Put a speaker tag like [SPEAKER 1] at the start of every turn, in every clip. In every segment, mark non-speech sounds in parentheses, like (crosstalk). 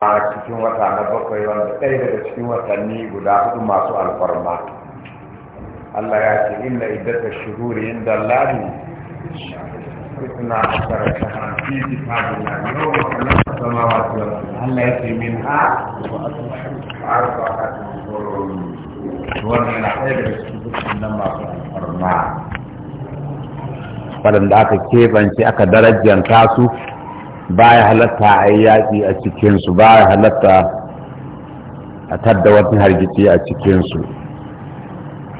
[SPEAKER 1] a cikin wata na bakwai wanda ɗaya daga cikin watanni guda hudu masu alfarma Allah ya ce inna iddata shuhuri inda Allah suna asara ta hanfi fi fadin na yau makalar sama wasu Allah ya ce min ha har ba a tsoron wannan na ɗaya daga cikin watannin masu alfarma waɗanda aka keɓance aka darajanta su baya halatta a yi yaƙi a cikinsu baya halatta a tadda wani hargitsi a cikinsu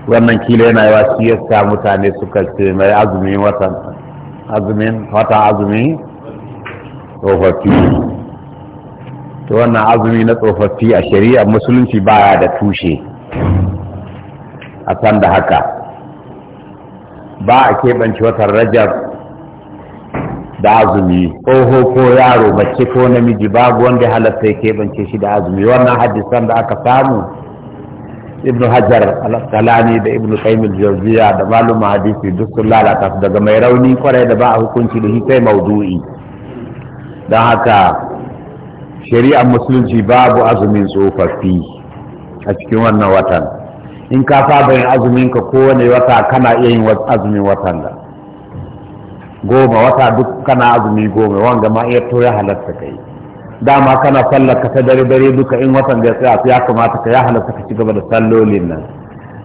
[SPEAKER 1] wannan kila yana yawa shi sa mutane suka ce mai azumi watan azumin watan azumi tsofaffi to wannan azumi na tsofaffi a shari'a musulunci baya da tushe a san da haka ba a keɓance watan rajab da azumi tsoho ko yaro mace ko namiji babu wanda halatta ya keɓance shi da azumi wannan hadisan da aka samu ibnu hajar al da ibnu qayyim al-jawziya da maluma hadisi duk sun lalata su daga mai rauni kwarai da ba a hukunci da shi sai maudu'i don haka shari'ar musulunci babu azumin tsofaffi a cikin wannan watan in ka saba yin azumin ka kowane wata kana iya yin azumin watan da goma wata duk kana azumi goma wanga ma iya to ya halatta kai dama kana sallar ka ta dare dare duka in watan da ya ya kamata ka ya halatta ka ci gaba da sallolin nan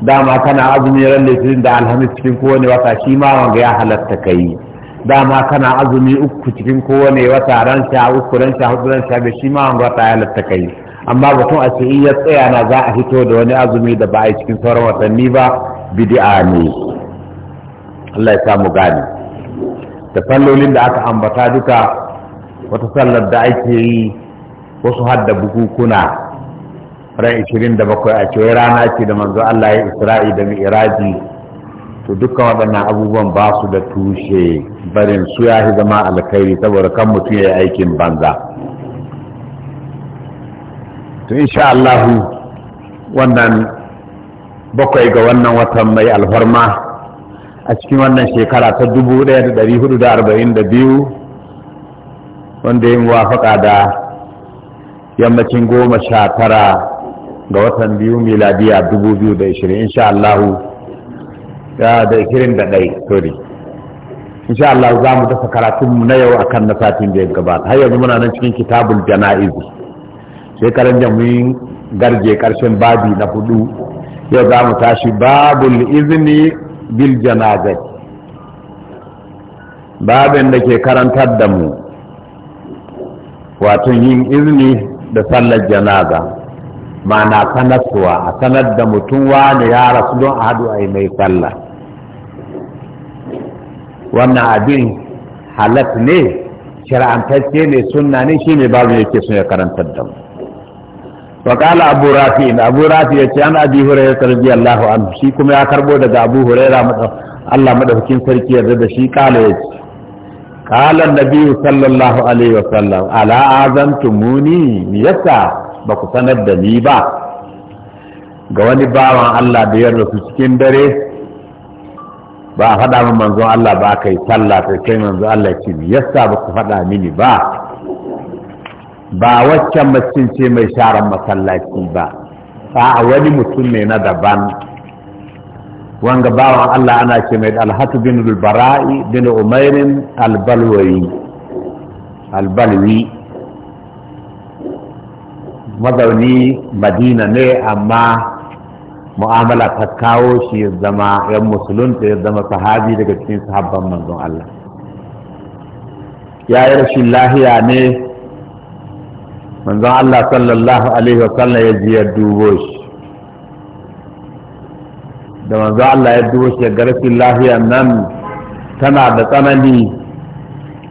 [SPEAKER 1] dama kana azumi ran litinin da alhamis cikin kowane wata shi ma wanga ya halatta kai dama kana azumi uku cikin kowane wata ran sha uku ran sha hudu ran sha biyu shi ma wanga wata ya halatta kai amma batun a ce in ya tsaya na za a fito da wani azumi da ba a yi cikin sauran watanni ba bidi'a ne Allah ya samu gani da sallolin da aka ambata duka wata sallar da ake yi wasu hadda bukukuna ran 27 a cewa rana ce da manzo Allah ya isra'i da mi'raji to duka waɗannan abubuwan ba su da tushe barin su ya fi zama alkhairi saboda kan mutum ya yi aikin banza to insha Allahu wannan bakwai ga wannan watan mai alfarma a cikin wannan shekara ta 1442 wanda ya muwafaka da yammacin goma sha tara ga watan biyu miladiya 2020 insha Allahu da 21 sorry insha Allahu za mu dafa karatunmu na yau akan na satin da ya gabata har yanzu muna nan cikin kitabul jana'izu. shekaran mun garje karshen babi na hudu yau za mu tashi babul izini bil janazat babin da ke karantar da mu wato yin izini da sallar janaza ma'ana sanarsuwa a sanar da mutum wani ya rasu don a haɗu mai sallah wannan abin halat ne shari'antacce ne sunna ne shi ne babu yake sun ya karantar da mu wa qala abu rafi abu rafi yace an abi hurairah radiyallahu anhu shi kuma ya karbo daga abu hurairah Allah madaukakin sarki yarda da shi kala yace qala an-nabi sallallahu alaihi wasallam ala azantumuni yasa ba ku sanar da ni ba ga wani bawan Allah da yarda su cikin dare ba a faɗa min Allah ba kai sallah sai kai manzon Allah ki yasa ba ku faɗa mini ba ba waccan macin ce mai sharan masallaci ba a wani mutum ne na daban wanga bawan Allah ana ce mai alhatu bin bara'i bin umairin albalwayi albalwi mazauni madina ne amma mu'amala ta kawo shi ya zama yan musulunta ya zama sahabi daga cikin sahabban manzon Allah ya yi rashin lahiya ne manzon Allah sallallahu alaihi wa sallam ya ji ya dubo shi da manzon Allah ya dubo shi ga rashin lafiya nan tana da tsanani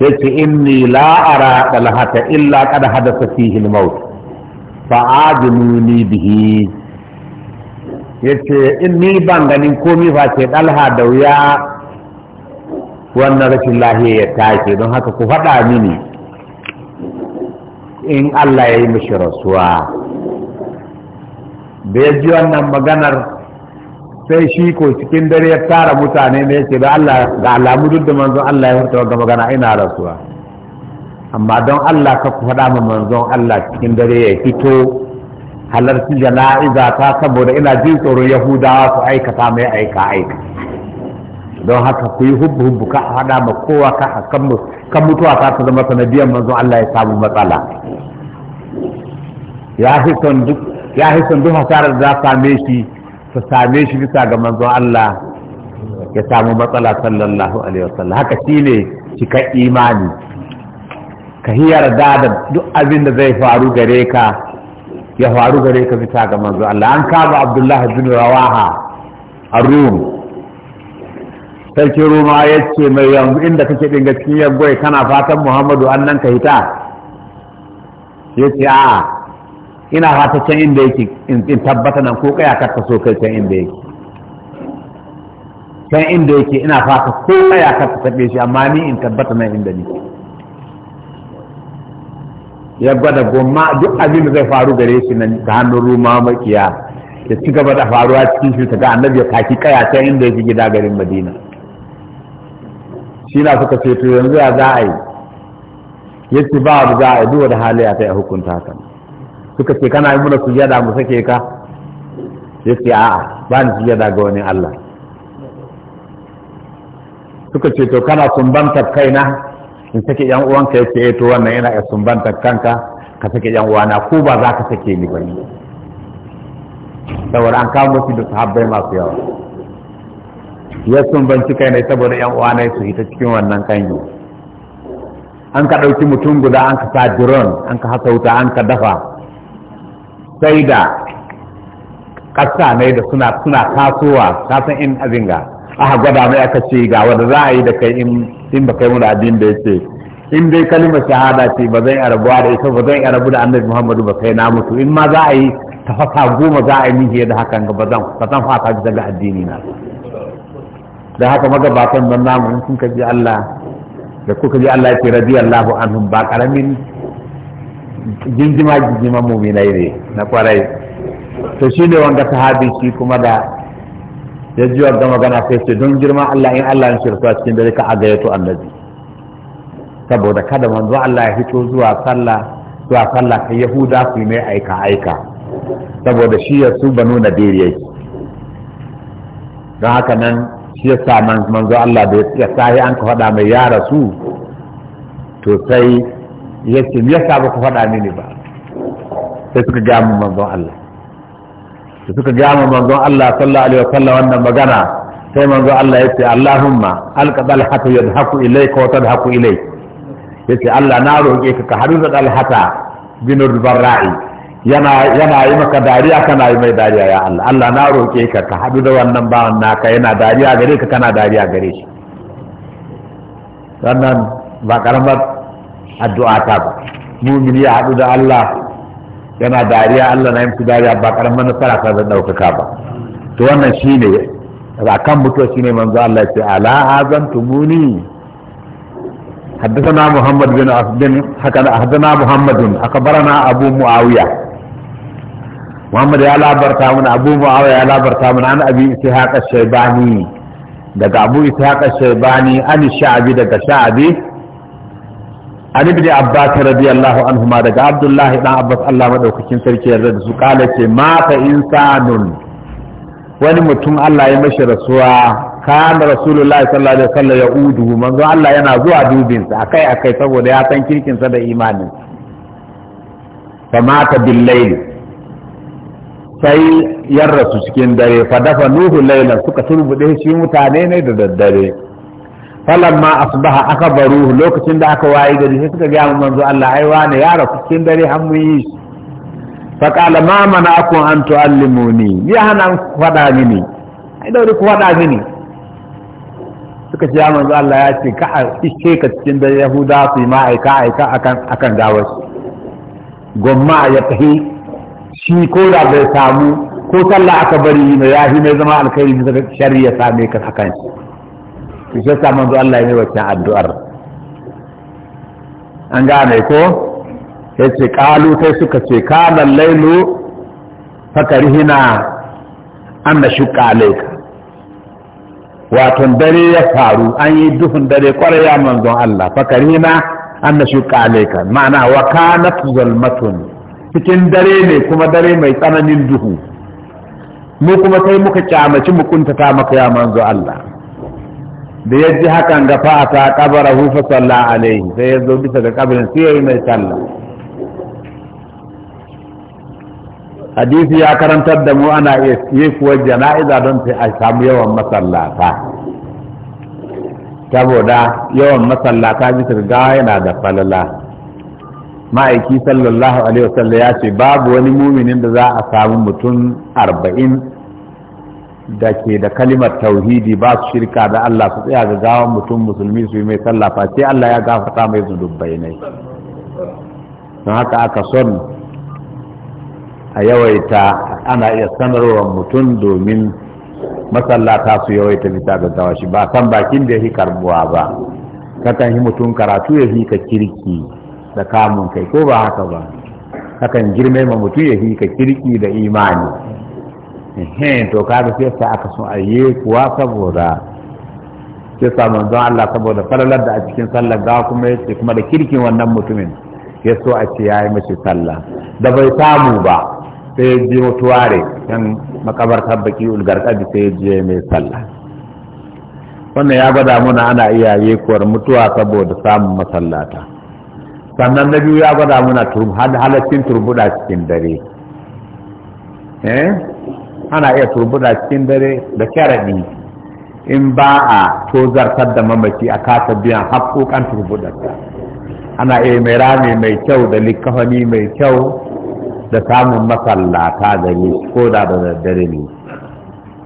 [SPEAKER 1] yace inni la ara dalhata illa qad hadatha fihi al-maut fa'adununi bihi yace in ni ban ganin komai ba ce dalha da wuya wannan rashin lahiya ya tashi don haka ku faɗa mini in Allah ya yi mishi rasuwa da ya ji wannan maganar sai shi ko cikin dare ya tara mutane ne ce da Allah da alamu duk da manzon Allah ya hurta ga magana ina rasuwa amma don Allah ka ku faɗa ma manzon Allah cikin dare ya fito halarci jana'iza ta saboda ina jin tsoron Yahudawa su aikata mai aika aika don haka ku yi hubbu hubbu ka hada ma kowa ka kan mutuwa ta ta zama sanadiyar manzo Allah ya samu matsala ya fi son duk ya fi son duk hasarar da same shi ta same shi bisa ga manzo Allah ya samu matsala sallallahu alaihi wasallam haka shine cika imani ka yarda da duk abin da zai faru gare ka ya faru gare ka bisa ga manzo Allah an kama Abdullahi bin Rawaha a Rum sarki roma ya ce mai yanzu inda kake ɗin cikin yagwai, kana fatan muhammadu annan ka hita ya ce a ina fata can inda yake in tabbata nan ko kaya ka so kai can inda yake can inda yake ina fata ko kaya ka tabbe shi amma ni in tabbata nan inda nake ya gwada gomma duk abin da zai faru gare shi nan ta hannun ruma makiya ya ci gaba da faruwa cikin shi ta ga annabi ya kaki kaya can inda yake gida garin madina shi na suka ce to yanzu ya za a yi yace ba abu za a yi duwa da a ta ya hukunta haka suka ce kana yi muna sujada mu sake ka yace a'a ba ni sujada ga wani Allah suka ce to kana sumbantar kaina in sake yan uwanka yace eh to wannan yana ya sumbantar kanka ka sake yan uwana ko ba za ka sake ni ba saboda an kawo musu da sahabbai masu yawa ya sumbanci kai ne saboda yan uwa su ita cikin wannan kanyo an ka ɗauki mutum guda an ka sa drone an ka haka wuta an ka dafa sai da ƙasa ne da suna suna tasowa kasan in azinga aka gwada mai aka ce ga wanda za a yi da kai in ba kai mu da abin da yace in dai kalimar shahada ce ba zan arabuwa da ita ba zan rabu da annabi muhammadu ba kai na mutu in ma za a yi tafasa goma za a yi mihiye da hakan ba zan fata daga addini na da haka magabatan nan namu in kun kaji Allah da kuka ji Allah ce radiyallahu anhum ba karamin jinjima jinjima muminai ne na kwarai to shi ne wanda sahabi shi kuma da ya ji wanda magana sai ce don girma Allah in Allah ya shirka cikin dare ka agayato annabi saboda kada manzo Allah ya fito zuwa sallah zuwa sallah kai yahuda su mai aika aika saboda shi ya su banu nadir yake don haka nan shi ya sa manzo Allah da ya sahi an ka faɗa mai yara rasu to sai ya ce ya sa ba ku faɗa mini ba sai suka gama manzo Allah da suka gama manzon Allah sallallahu alaihi wasallam wannan magana sai manzon Allah ya ce Allahumma alqadal yadhaku ilayka wa tadhaku yace Allah na roƙe ka ka haru da alhata binur barra'i yana yi maka dariya kana yi mai dariya ya Allah Allah na roƙe ka ka haɗu da wannan bawan naka yana dariya gare ka kana dariya gare shi wannan ba karamar addu'a ta ba mumini ya haɗu da Allah yana dariya Allah na yi musu dariya ba karamar nasara ta zan ɗaukaka ba to wannan shi ne a kan mutuwa shi shine manzo Allah ya ce ala azantumuni حدثنا محمد بن عبد حدثنا محمد اخبرنا ابو معاويه Muhammad ya labarta mana Abu Muawiya ya labarta mana an Abi Ishaq al-Shaybani daga Abu Ishaq al-Shaybani an Sha'bi daga Sha'bi an Ibn Abbas radiyallahu anhuma daga Abdullah ibn Abbas Allah madaukakin sarki yarda da su kala ce mata insanun wani mutum Allah ya mashi rasuwa kan rasulullahi sallallahu alaihi wasallam ya udu manzo Allah yana zuwa dubinsa akai akai saboda ya san kirkinsa da imanin fa mata bil layl sai yarra su cikin dare fa dafa nuhu laylan suka turbude shi mutane ne da daddare falamma asbaha akbaruhu lokacin da aka wayi gari sai suka ga manzo Allah ai wani ya rasu cikin dare har mu yi fa qala ma mana'akum an tu'allimuni ya hana fada mini ai da ku fada mini suka ce ya manzo Allah ya ce ka ishe ka cikin dare yahuda su ma aika aika akan akan gawar gomma ya tahi shi ko da bai samu ko sallah aka bari mai yafi mai zama alkhairi bisa ga sharri ya same ka akan shi to shi yasa manzo Allah ya yi waccan addu'ar an gane ko sai ce kalu sai suka ce kana lailu fakarihina an na shuka ka. wato dare ya faru an yi duhun dare kwarai ya manzon Allah fakarihina an na shuka ka ma'ana wa kanat zulmatun cikin dare ne kuma dare mai tsananin duhu mu kuma sai muka kyamaci mu kuntata maka ya manzo Allah da ya ji hakan ga fa'ata hu fa salla alaihi sai ya zo bisa ga kabarin sai yayi mai sallah hadisi ya karantar da mu ana iya kuwa jana'iza don sai a samu yawan masallata saboda yawan masallata bisa ga yana da falala ma'aiki sallallahu alaihi wasallam ya ce babu wani muminin da za a samu mutum arba'in da ke da kalimar tauhidi ba su shirka da Allah su tsaya ga gawan mutum musulmi su yi mai sallafa sai Allah ya gafarta mai zunubai ne don haka aka son a yawaita ana iya sanarwar mutum domin masallata su yawaita bisa ga gawashi, ba kan bakin da ya karbuwa ba kakan yi mutum karatu ya fi ka kirki da kamun kai ko ba haka ba hakan girme ma mutum ya ka kirki da imani to ka ga sai sa aka son aye kuwa saboda sai sa manzon Allah saboda falalar da a cikin sallar ga kuma yace kuma da kirkin wannan mutumin ya so a ce yayi mashi sallah da bai samu ba sai ya je mutuware can makabartar baki ulgarkabi sai ya je mai sallah wannan ya gwada muna ana iya yekuwar mutuwa saboda samun masallata sannan na biyu ya gwada muna halaccin turbuda cikin dare eh ana iya turbuda cikin dare da kyaraɗi in ba a tozartar da mamaki a kasa biyan haƙoƙan turbudarsa ana iya mai rami mai kyau da likafani mai kyau da samun masallata da ko da da daddare ne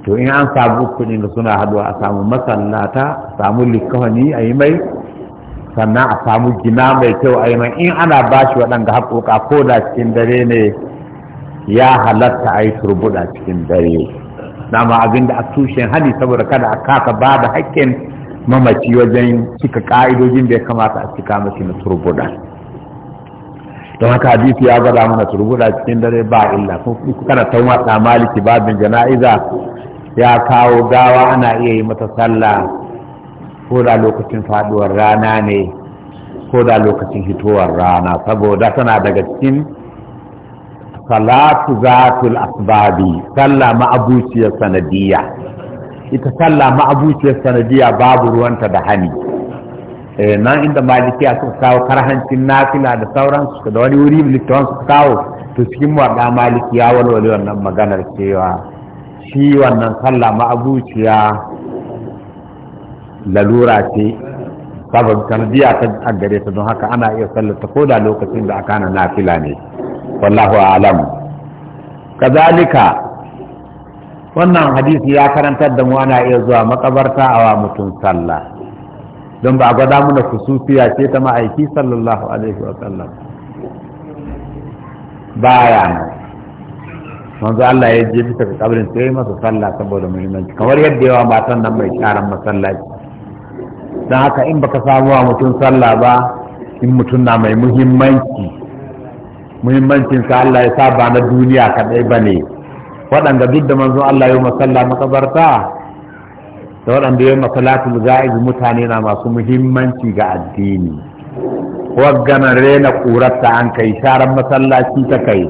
[SPEAKER 1] to in an samu kuɗi da suna haduwa a samu masallata samu likafani a yi mai sannan a samu gina mai kyau a yi in ana ba shi waɗanda haƙoƙa ko da cikin dare ne ya halatta a yi turbuɗa cikin dare dama abin da a tushen hali saboda kada a kasa ba da haƙƙin mamaci wajen cika ƙa'idojin da ya kamata a cika mashi na turbuɗa don haka hadisi ya gwada mana turbuɗa cikin dare ba illa kana ta maliki babin jana'iza ya kawo gawa ana iya yi mata sallah ko da lokacin faduwar rana ne ko da lokacin hitowar rana saboda tana daga cikin salatu zatul asbabi sallah ma'abuciyar sanadiyya ita sallah ma'abuciyar sanadiyya babu ruwanta da hani eh, nan inda maliki a suka kawo karhancin nafila da sauransu da wani wuri littawan suka kawo to cikin maliki ya walwale wannan maganar cewa shi wannan sallah ma'abuciya lalura ce sabon sanadiyya ta a gare ta don haka ana iya sallata ko da lokacin da aka na nafila ne wallahu alam kazalika wannan hadisi ya karantar da mu ana iya zuwa makabarta a wa mutum sallah don ba a gwada muna sufiya ce ta ma'aiki sallallahu alaihi wa sallam baya nan manzo Allah ya je bisa ga kabrin sai masa sallah saboda muhimmanci kamar yadda yawa matan nan mai sharan masallaci don haka in baka samu a mutum sallah ba in mutum na mai muhimmanci muhimmancin sa Allah ya saba na duniya kaɗai ba ne waɗanda duk da manzon Allah yau masalla makabarta da waɗanda yau masalatul ga'iz mutane na masu muhimmanci ga addini waggana rena ƙurarta an kai sharan masallaci ta kai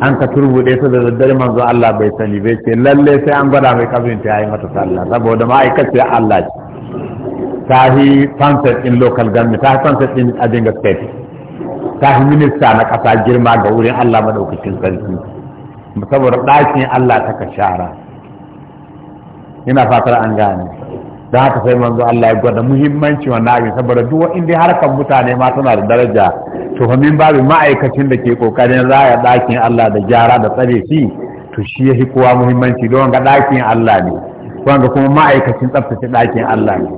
[SPEAKER 1] an ka turbuɗe su da daddare manzo Allah bai sani bai ce lalle sai an gwada mai kafin ta yi mata sallah saboda ma'aikaciyar Allah ce
[SPEAKER 2] ta yi sunset in local
[SPEAKER 1] government ta yi sunset in abin state ta minista na ƙasa girma ga wurin Allah maɗaukacin sarki saboda ɗakin Allah ta ka shara ina fatar an gane don haka sai manzo Allah ya gwada muhimmanci wannan abin saboda duk inda harkar mutane ma suna da daraja to fa min babu ma'aikacin da ke kokarin raya ɗakin Allah da gyara da tsare shi to shi ya kowa muhimmanci don ga ɗakin Allah ne wanda kuma ma'aikacin tsaftace ɗakin Allah ne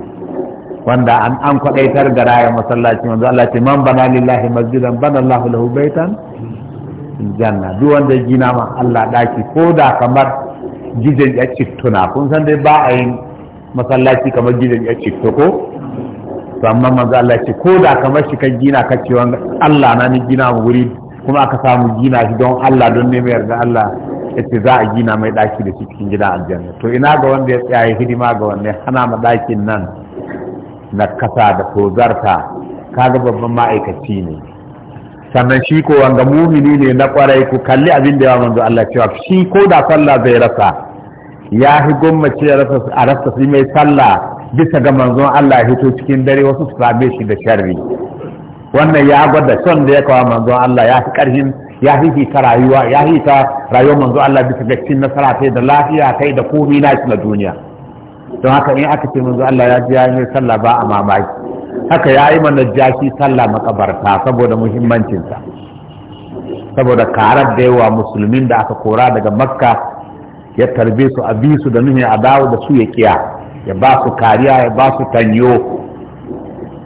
[SPEAKER 1] wanda an an kwadaitar da raya masallaci wanda Allah ce man bana lillahi masjidan bana Allah lahu baitan janna duk wanda gina ma Allah daki ko da kamar gidan ya cittuna kun san dai ba a yin masallaci kamar gidan ya to ko to amma manzo Allah ce ko da kamar shi ka gina ka ce Allah na ni gina mu wuri kuma aka samu gina shi don Allah don ne mai yarda Allah yace za a gina mai daki da cikin gidan aljanna to ina ga wanda ya tsaya hidima ga wanne hana ma dakin nan na kasa da tozarta kaga babban ma'aikaci ne sannan shi ko wanga mumini ne na kwarai ku kalli abin da ya manzo Allah cewa shi ko da sallah zai rasa ya fi gwammace a rasa su mai sallah bisa ga manzo Allah ya hito cikin dare wasu su same shi da sharri wannan ya gwada son da ya kawo manzo Allah ya fi karhin ya fi ta rayuwa ya hita ta rayuwar manzo Allah bisa ga cin nasara kai da lafiya kai da komai na na duniya don haka in aka ce manzo Allah ya ji ya yi sallah ba a mamaki haka ya yi mana jaki sallah makabarta saboda muhimmancinsa saboda karar da yawa musulmin da aka kora daga makka ya tarbe su a bi da nuhi a dawo da su ya kiya ya ba su kariya ya ba su tanyo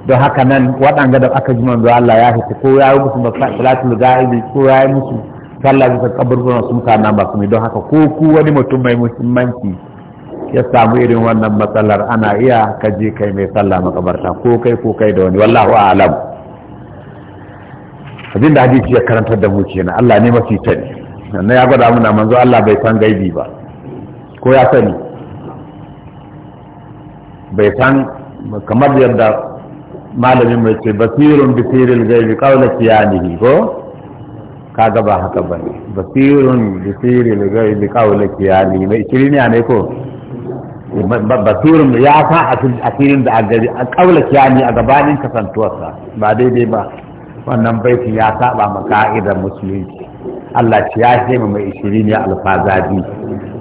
[SPEAKER 1] don haka nan waɗanga da aka ji manzo Allah ya hisu ko ya yi musu salatul ga'ibi ko ya yi musu sallah bisa kaburburan sun kana masu ne don haka ko ku wani mutum mai muhimmanci ya samu irin wannan matsalar ana iya kaji kai mai sallah makabarta ko kai ko kai da wani wallahu a'lam abin da hadisi ya karanta da mu kenan Allah ne mafi sani sannan ya gwada muna manzo Allah bai san gaibi ba ko ya sani bai san kamar yadda malamin mai ce basirun bisiril gaibi qawla kiyanihi ko kaga ba haka bane basirun bisiril gaibi qawla kiyanihi mai shirni ne ko mu ya sa a filin da a gari a kaula kyani a gabanin kasantuwarsa ba daidai ba wannan baitin ya saba ma ka'idar musulunci Allah ci ya ce mai ishirin ya alfazabi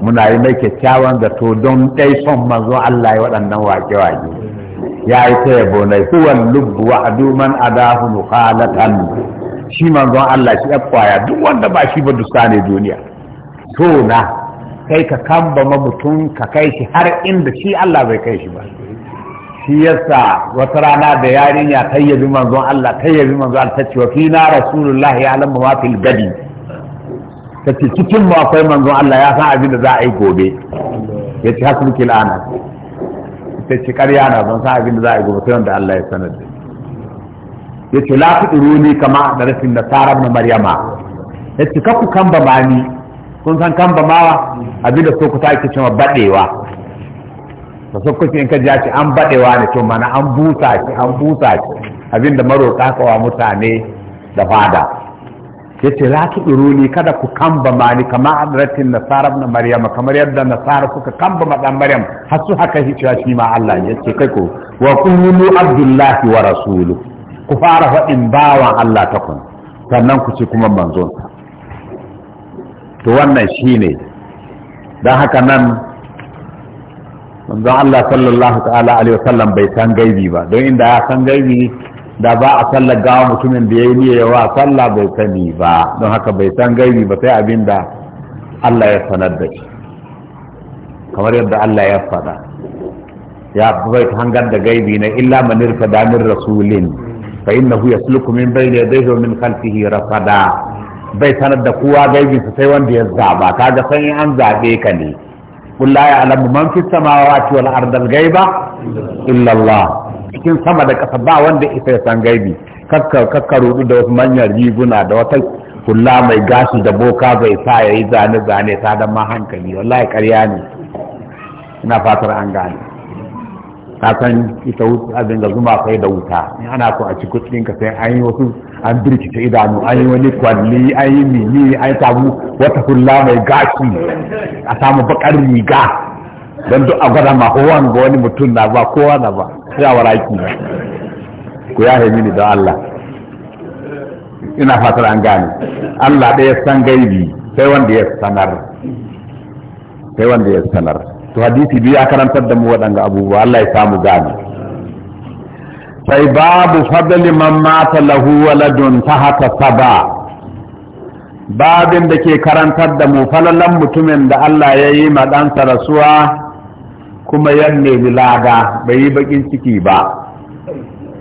[SPEAKER 1] muna yi mai kyakkyawan zato don ɗai son manzo Allah ya waɗannan wake-wake ya yi ta yabo na huwan lubbu wa aduman adahu mukhalatan shi manzon Allah shi ya kwaya duk wanda ba shi ba duka ne duniya to na kai ka kambama mutum ka kai shi har inda shi Allah bai kai shi ba shi yasa wata rana da yarinya ta bi manzon Allah ta bi manzon Allah ta ce wa fi na rasulullah ya alamma ma fil gadi ta ce cikin mu akwai manzon Allah ya san abin da za a yi gobe ya ce hasbuki al'ana ta ce ƙarya na ban san abin da za a yi gobe sai wanda Allah ya sanar da ya ce la tuduruni kama da rasul nasara ibn maryama ya ce kaku kan ba ni kun san kan ba mawa abin da sokuta ake cewa baɗewa. da sokuta in ka ji ce an baɗewa ne to mana an busa shi an busa shi abin da maroƙa kawa mutane da fada ya ce la ni kada ku kamba ma ni kama adratin nasara na maryam kamar yadda nasara suka kamba ma maɗan maryam har su haka shi cewa shi ma Allah ya ce kai ko wa mu abdullahi wa rasulu ku fara faɗin bawan Allah ta kun sannan ku ce kuma manzon to wannan ne don haka nan manzon Allah sallallahu ta'ala alaihi sallam bai san gaibi ba don inda ya san gaibi da ba a sallar gawa mutumin da ya yi niyya wa salla bai sani ba don haka bai san gaibi ba sai abin da Allah ya sanar da shi kamar yadda Allah ya faɗa ya bai hangar da gaibi na illa manir damin rasulin fa innahu yasluku min bayni yadayhi wa min khalfihi rasada bai sanar da kowa gaibinsa sai wanda ya zaba kaga san in an zabe ka ne Kullaya alamu man من في السماوات ardal gai ba? الله cikin sama da ƙasa ba wanda isa ya san gaibi kakka rudu da wasu manyan riguna da wata kulla mai gashi da boka bai sa ya yi zane-zane ta da ma hankali wallahi ƙarya ne ina fatar an gane ka san ita abin da zuma sai da wuta ana so a ci sai an yi wasu an birkita idanu an yi wani kwalli an yi mini an samu wata hula mai gashi a samu bakar riga don duk a gwada ma kowan ga wani mutum na ba kowa na ba sai a waraki ba ku ya haimi ni don Allah ina fatar an gane Allah ɗaya san gaibi sai wanda ya sanar sai wanda ya sanar to hadisi biyu a karantar da mu waɗanga abubuwa Allah ya samu gane sai babu fadali man mata lahu waladun haka saba babin da ke karantar da mu falalan mutumin da Allah ya yi ɗansa rasuwa kuma yan nemi lada bai yi bakin ciki ba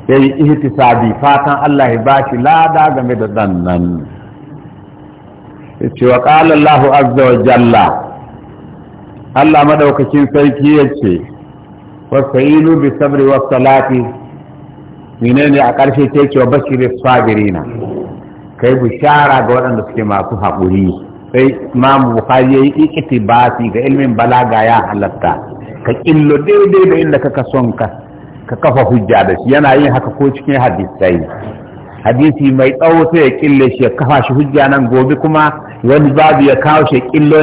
[SPEAKER 1] ya yi ihtisabi fatan Allah ya bashi lada game da ɗan nan ce wa qala Allah azza wa jalla Allah madaukakin sarki ya yace wasta'inu bi sabri wasu salati menene a ƙarshe ta yake wa bashirin sabirina kai bishara ga waɗanda suke masu haƙuri sai imam bukhari yayi basi ga ilmin balaga ya halatta ka ƙillo daidai da inda kaka son ka ka kafa hujja da shi yana yin haka ko cikin hadisai hadisi mai tsawo sai ya ƙille shi ya kafa shi hujja nan gobe kuma wani babu ya kawo shi ƙillo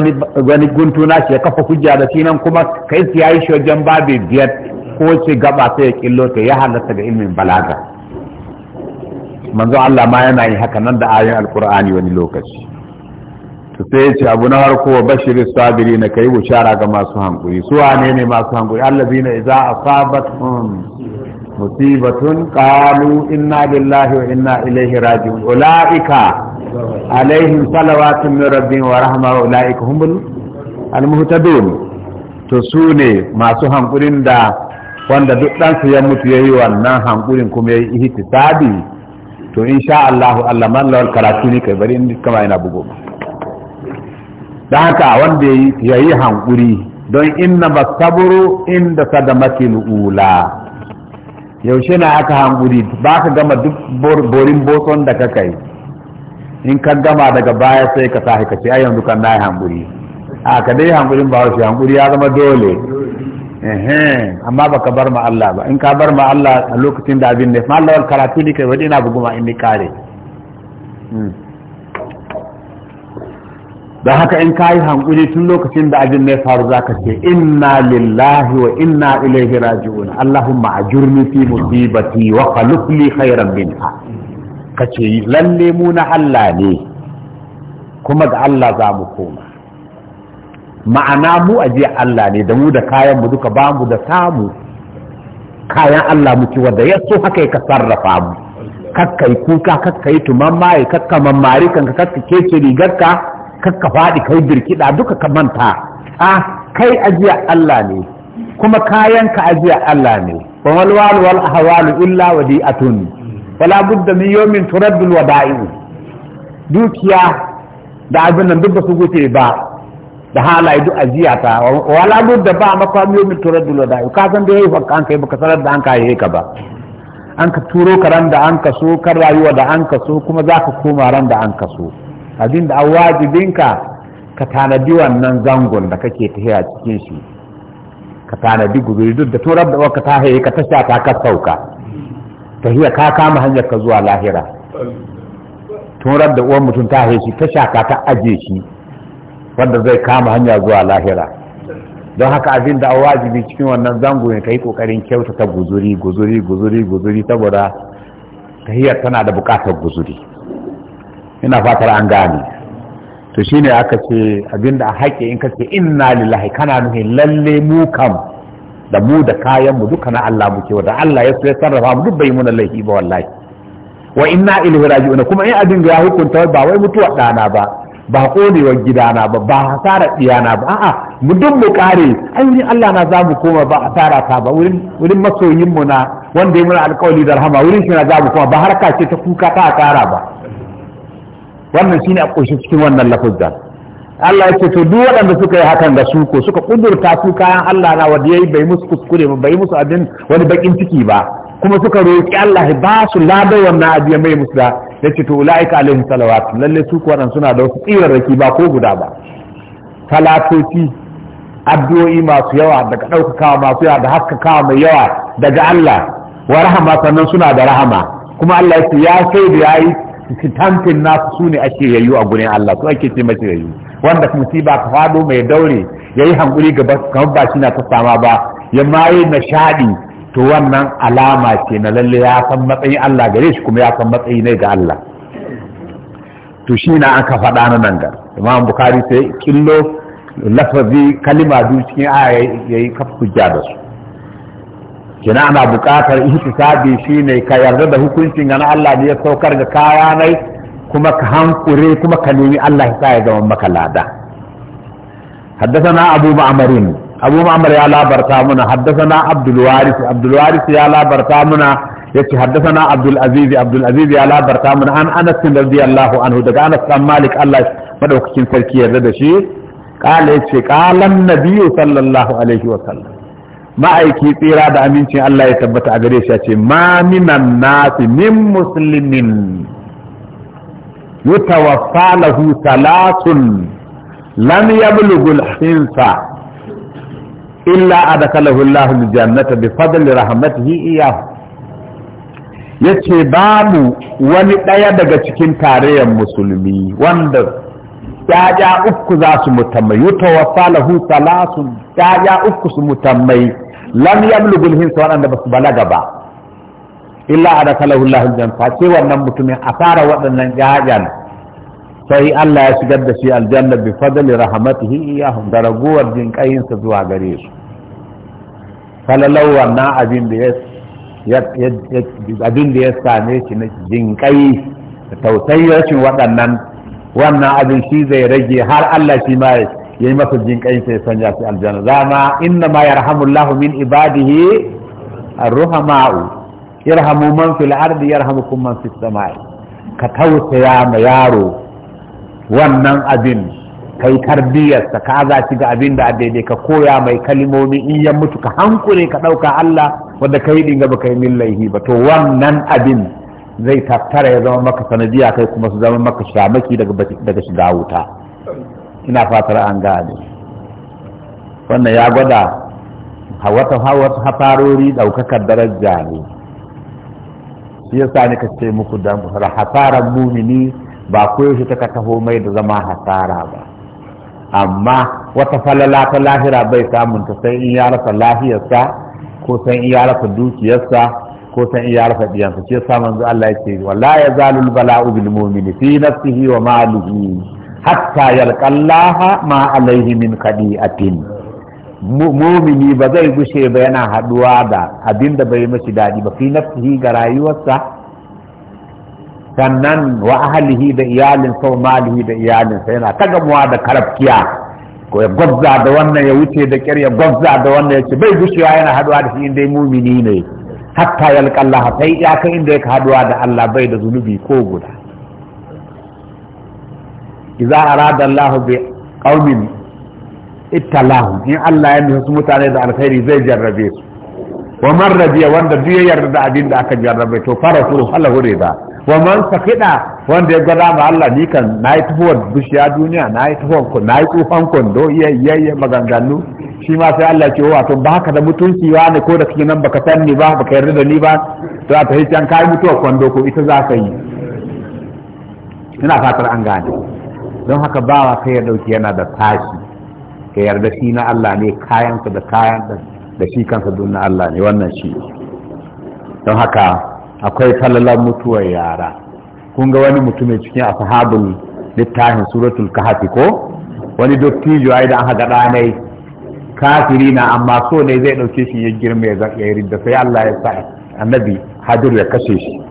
[SPEAKER 1] wani guntuna shi ya kafa hujja da shi nan kuma kai su shi wajen babu biyar ko ce gaba sai ya killo ta ya halatta ga ilmin balaga manzo Allah ma yana yi haka nan da ayoyin alkur'ani wani lokaci to sai ya ce abu na harko wa bashir sabiri na kai bushara ga masu hankuri su wane ne masu hankuri allazina idza asabatuhum musibatun qalu inna lillahi wa inna ilaihi raji'un ulaika alaihim salawatun min rabbihim wa rahma wa ulaika humul almuhtadun to su ne masu hankurin da wanda duk ɗansu ya mutu ya yi wannan hankulin kuma ya yi sabi to in Allah Allah man lawal karatu ne kai bari in kama yana bugo dan haka wanda ya yi hankuri don inna basabru inda sadamatil ula yaushe na aka hankuri ba ka gama duk borin boson da ka kai in ka gama daga baya sai ka sahi ka ce ai yanzu kan na yi hankuri a ka dai hankurin ba shi hankuri ya zama dole amma ba ka bar ma Allah ba in ka bar ma Allah a lokacin da abin da ma Allah karatu ne kai wani ina buguma in ni kare hmm. da haka in ka yi hankuli tun lokacin da abin ya faru ka ce inna lillahi wa inna ilaihi raji'un allahumma ajurni fi musibati wa khaliq li khairan minha kace lalle mu na Allah ne kuma ga Allah za mu koma ma'ana mu jiya Allah ne da mu da kayan mu duka bamu da samu kayan Allah muke wanda ya so haka ya ka sarrafa mu kakka kuka kakka yi kakka mammari kanka kakka kece rigarka kakka faɗi kai birkiɗa duka ka manta a kai jiya Allah ne kuma kayan ka ajiya Allah ne wa wal wal wal illa wadi'atun wala budda min yawmin turaddul wada'i dukiya da abin nan duk ba su gute ba da halaye duk ajiya ta wala da ba makwami yomin turar dula da ka san da yayi fakka an kai baka sanar da an kai ka ba an ka turo ka ran da an ka so, ka rayuwa da an ka so, kuma za ka koma ran da an ka so da an wajibinka ka tanadi wannan zangon da kake tafiya cikin shi ka tanadi gubiri duk da turar da ka tahaye ka tasha ta ka sauka tahiya ka kama hanyar ka zuwa lahira turar da uwan mutum tahaye shi tasha ka ta aje shi wanda zai kama hanya zuwa lahira don haka abin da wajibi cikin wannan zango ne ka yi kokarin kyautata guzuri guzuri guzuri guzuri saboda tahiyar tana da bukatar guzuri ina fatar an gane to shine aka ce abin da a haƙe in ka ce inna lillahi kana nuhi lalle mu kam da mu da kayan mu duka na Allah muke wa da Allah ya so ya sarrafa mu duk bai muna laifi ba wallahi wa inna ilaihi raji'un kuma in abin da ya hukunta ba wai mutuwa dana ba ba konewar gidana ba ba hasarar diyana ba a'a mu duk mu kare ai wurin Allah na za mu koma ba hasara ta ba wurin wurin masoyin mu na wanda ya muna alƙawari da rahama wurin shi na za mu koma ba harka ce ta kuka ta kara ba wannan shine a ƙoshi cikin wannan lafazan Allah ya ce to duk waɗanda suka yi hakan da su ko suka kudurta su kayan Allah na wanda yayi bai musu kuskure ba bai musu abin wani bakin ciki ba kuma suka roƙi Allah ya ba su ladan wannan abiya mai musu da ya ce to ula'ika alaihim salawat lalle su kuwa nan suna da wasu raki ba ko guda ba talatoci addu'o'i masu yawa daga ɗaukaka masu yawa da haskakawa mai yawa daga Allah wa rahama sannan suna da rahama kuma Allah ya ya sai da yayi tantin nasu su ne ake yayyu a gurin Allah su ake ce mace yayyu wanda musiba ka fado mai daure yayi hankuri gaba kamar ba shi na ta sama ba ya maye nishadi to wannan alama ce na lalle ya san matsayin Allah gare shi kuma ya san matsayi ne ga Allah to shi na aka faɗa na nan ga imam bukari sai killo lafazi kalima biyu cikin aya ya yi kafa hujja da su kina ana buƙatar ihtisabi shine ka yarda da hukuncin ga na Allah ne ya saukar ga kaya nai kuma ka hankure kuma ka nemi Allah ya sa ya zama maka lada na abu ma'amarin abu ma'amar ya labarta muna haddasana abdul waris abdul waris ya labarta muna yace haddasana abdul aziz abdul aziz ya labarta muna an anas bin radiyallahu anhu daga anas dan malik Allah madaukakin sarki yarda da shi qala yace qala an-nabiy sallallahu alaihi wa sallam ma'aiki tsira da amincin Allah ya tabbata a gare shi ya ce ma minan nasi min muslimin yutawaffa lahu salatun lam yablughu al-hinsa illa adakalahu Allah aljannata bi fadli rahmatihi iyahu yace babu wani daya daga cikin tarayyar musulmi wanda ya uku za su mutammai yutawaffa lahu salasun ya uku su mutammai lam yablugul hinsa waɗanda ba su balaga ba illa adakalahu Allah aljanna ce wannan mutumin a fara waɗannan jajan sai Allah ya shigar da shi aljanna bi fadli rahmatihi iyahum da raguwar jin kayinsa zuwa gare su falalau wannan abin da ya abin da ya same shi na jin kai da tausayi shi waɗannan wannan abin shi zai rage har Allah shi ma ya yi masa jin kai sai sanya shi aljanna zama inna ma yarhamullahu min ibadihi ar-ruhama'u yarhamu man fil ardi yarhamukum man fis sama'i ka tausaya ma yaro wannan abin kai tarbiyarsa ka za shi ga abin da daidai ka koya mai kalimomi in ya mutu ka hankure ka ɗauka Allah wadda ka yi dinga ba ka yi ba to wannan abin zai tattara ya zama maka sanadiya kai kuma su zama maka shamaki daga shiga wuta ina fatar an gane wannan ya gwada wata hafarori ɗaukakar darajja ne shi yasa ne ka ce muku da hasarar mumini ba koyaushe taka taho mai da zama hasara ba amma wata falala ta lahira bai samun ta sai in ya rasa lafiyarsa ko sai in ya rasa dukiyarsa ko sai in ya rasa diyansa ce sa manzo Allah yake wala yazalul bala'u bil mu'mini fi nafsihi wa malihi hatta yalqallaha ma alaihi min qadi'atin mumini ba zai gushe ba yana haduwa da abinda bai mashi daɗi ba fi nafsihi ga rayuwarsa sannan wa ahlihi da iyalin wa malihi da iyalin sa yana ta gamuwa da karafkiya ko ya gwabza da wannan ya wuce da kyar ya gwabza da wannan ya ce bai gushewa yana haduwa da shi inda ya mumini ne hatta yalqallaha sai ya kai inda yake haduwa da Allah bai da zunubi ko guda idza arada Allah bi qaumin ittalahum in Allah ya nufi mutane da alkhairi zai jarrabe su wa man radiya wanda duk ya yarda da abin da aka jarrabe to fara su halahu rida wa man sakida wanda ya gwada ma Allah ni kan nayi tuhuwar bishiya duniya nayi tuhuwar ku nayi tsufan kondo iya maganganu shi ma sai Allah ce wato ba haka da mutunci wa ne ko da kike nan baka san ni ba baka yarda da ni ba to a tafi can kai mutuwar kondo ko ita za ka yi ina fatar an gane don haka bawa kai ya dauki yana da tashi ka yarda shi na Allah ne kayansa da kayan da shi kansa don Allah ne wannan shi don haka akwai falalar mutuwar yara kun ga wani mutumin cikin ashabul littafin suratul kahafi ko wani dottijo ai da aka ga ɗanai kafiri na amma so ne zai ɗauke shi ya girma ya ridda sai Allah ya sa annabi hadir ya kashe shi